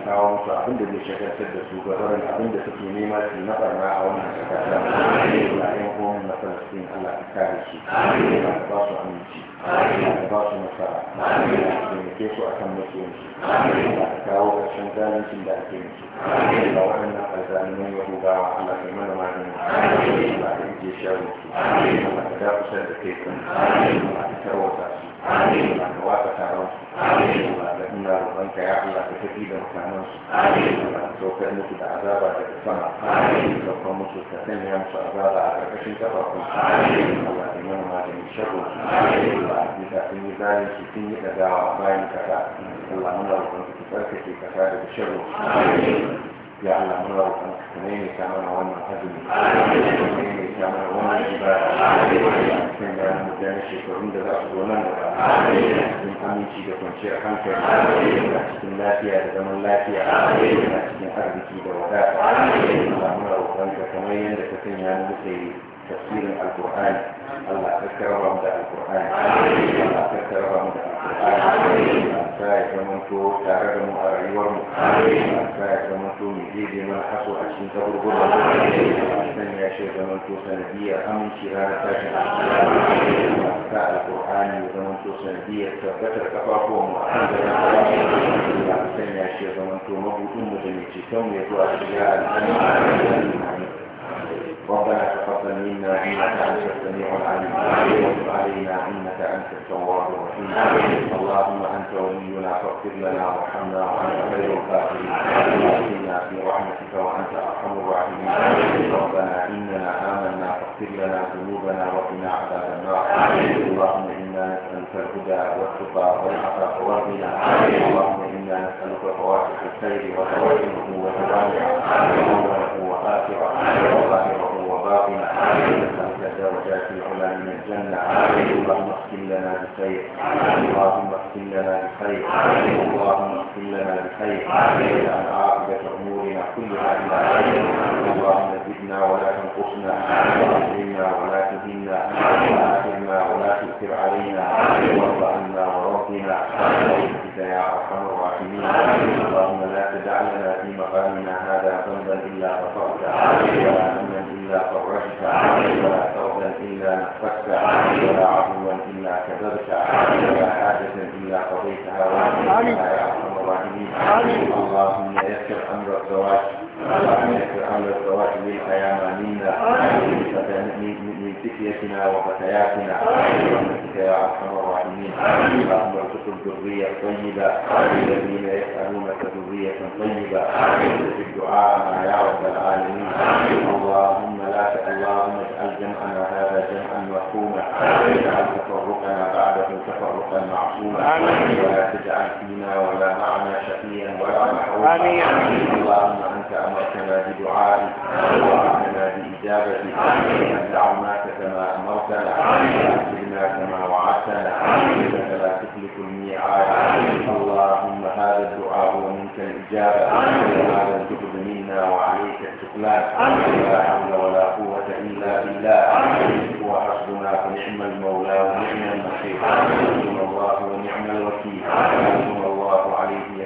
kawo musu abin da zai shagaltar da su gabarin abin da suke nema su na barna a wannan shekara Allah ya kuma na Falastin Allah ta kare shi Allah ba su aminci da ba su nasara da muke su akan musulunci da ka kawo ƙarshen zalincin da ake musu da waɗannan alzalimin yahudawa Allah ka mana magana Allah ka ije shawo su Allah ka dakusar da kai kan Allah ka tarwata su Allah ka watsa taron su Allah ka ina roƙon ka ya Allah ka tafi da mutanen su Allah ka saukar musu da azaba daga sama ka kuma musu ka sanya musu azaba a ƙarƙashin kafafun Allah ka mana maganin sharro Allah bisa sun yi zalunci sun yi ɗagawa bayan kaza Allah muna roƙon ka tsarkake kasa daga shirin ya Allah muna roƙon ka kuma yi ta mana wannan azumi kuma yi ta mana wannan ibada kan da mu gane shekarun da za su zo nan gaba cikin aminci da kwanciyar hankali a cikin lafiya da zaman lafiya a cikin arziki da wadata Allah muna roƙon ka kamar yadda ka sanya mu muka yi tafsirin alƙur'ani Allah ka karba mu da alƙur'ani Allah ka karba mu da alƙur'ani Allah ka ya zama to tare da mu a rayuwar mu Allah ka ya zama to mu je da mana haso a cikin kaburburan Allah san ya shi zama to sanadiyar aminci ranar tashin Allah ka alƙur'ani ya zama to sanadiyar tabbatar kafafuwan mu a kan da Allah san ya shi zama to mabudin mu da mai ceton mu ya zuwa cikin alƙur'ani ربنا تقبل منا انك انت السميع العليم وتب علينا انك انت التواب الرحيم اللهم انت ولينا فاغفر لنا وارحمنا وانت خير الفاتحين واغفرنا في رحمتك وانت ارحم الراحمين ربنا اننا امنا فاغفر لنا ذنوبنا وقنا عذاب النار اللهم انا نسالك الهدى والتقى والعفاف والغنى اللهم انا نسالك فواتح الخير وتوجهه وتوالعه وغافرة وظاهره وباطنة وجزاء درجاته من الجنة اللهم اغفر لنا بخير اللهم اغفر لنا بخير اللهم اغفر لنا بخير واجعل عاقبة أمورنا كلها إلى خير اللهم زدنا ولا تنقصنا وأكرمنا ولا تهنا وآثرنا ولا تؤثر علينا وارضنا عنا وربنا وإنك يا أرحم الراحمين اللهم لا تدع لنا في مقامنا هذا ذنبا إلا غفرته ولا إلا فرجت ولا ثوبا إلا نفست ولا عفوا إلا كذبت ولا حاجة إلا قضيتها وأنت يا أرحم الراحمين اللهم يسر أمر الزواج اللهم يسر أمر الزواج للحياة منا فتيتنا وفتياتنا برحمتك يا ارحم الراحمين اللهم ارزقهم ذريه طيبه الذين يسالونك ذريه طيبه في الدعاء دعاءنا يا رب العالمين اللهم لا اللهم اجعل جمعنا هذا جمعا مرحوما اجعل تفرقنا بعده تفرقا معصوما ولا تجعل فينا ولا معنا شقيا ولا محروما اللهم أمرتنا بدعائك وأمرتنا بإجابتك أن دعوناك كما أمرتنا وأمرتنا كما وعدتنا إنك لا تخلف الميعاد اللهم هذا الدعاء ومنك الإجابة وهذا الجهد منا وعليك الشكلان لا حول ولا قوة إلا بالله وحسبنا فنعم المولى ونعم المصير حسبنا الله ونعم الوكيل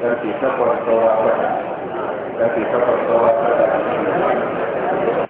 karfe takwas saura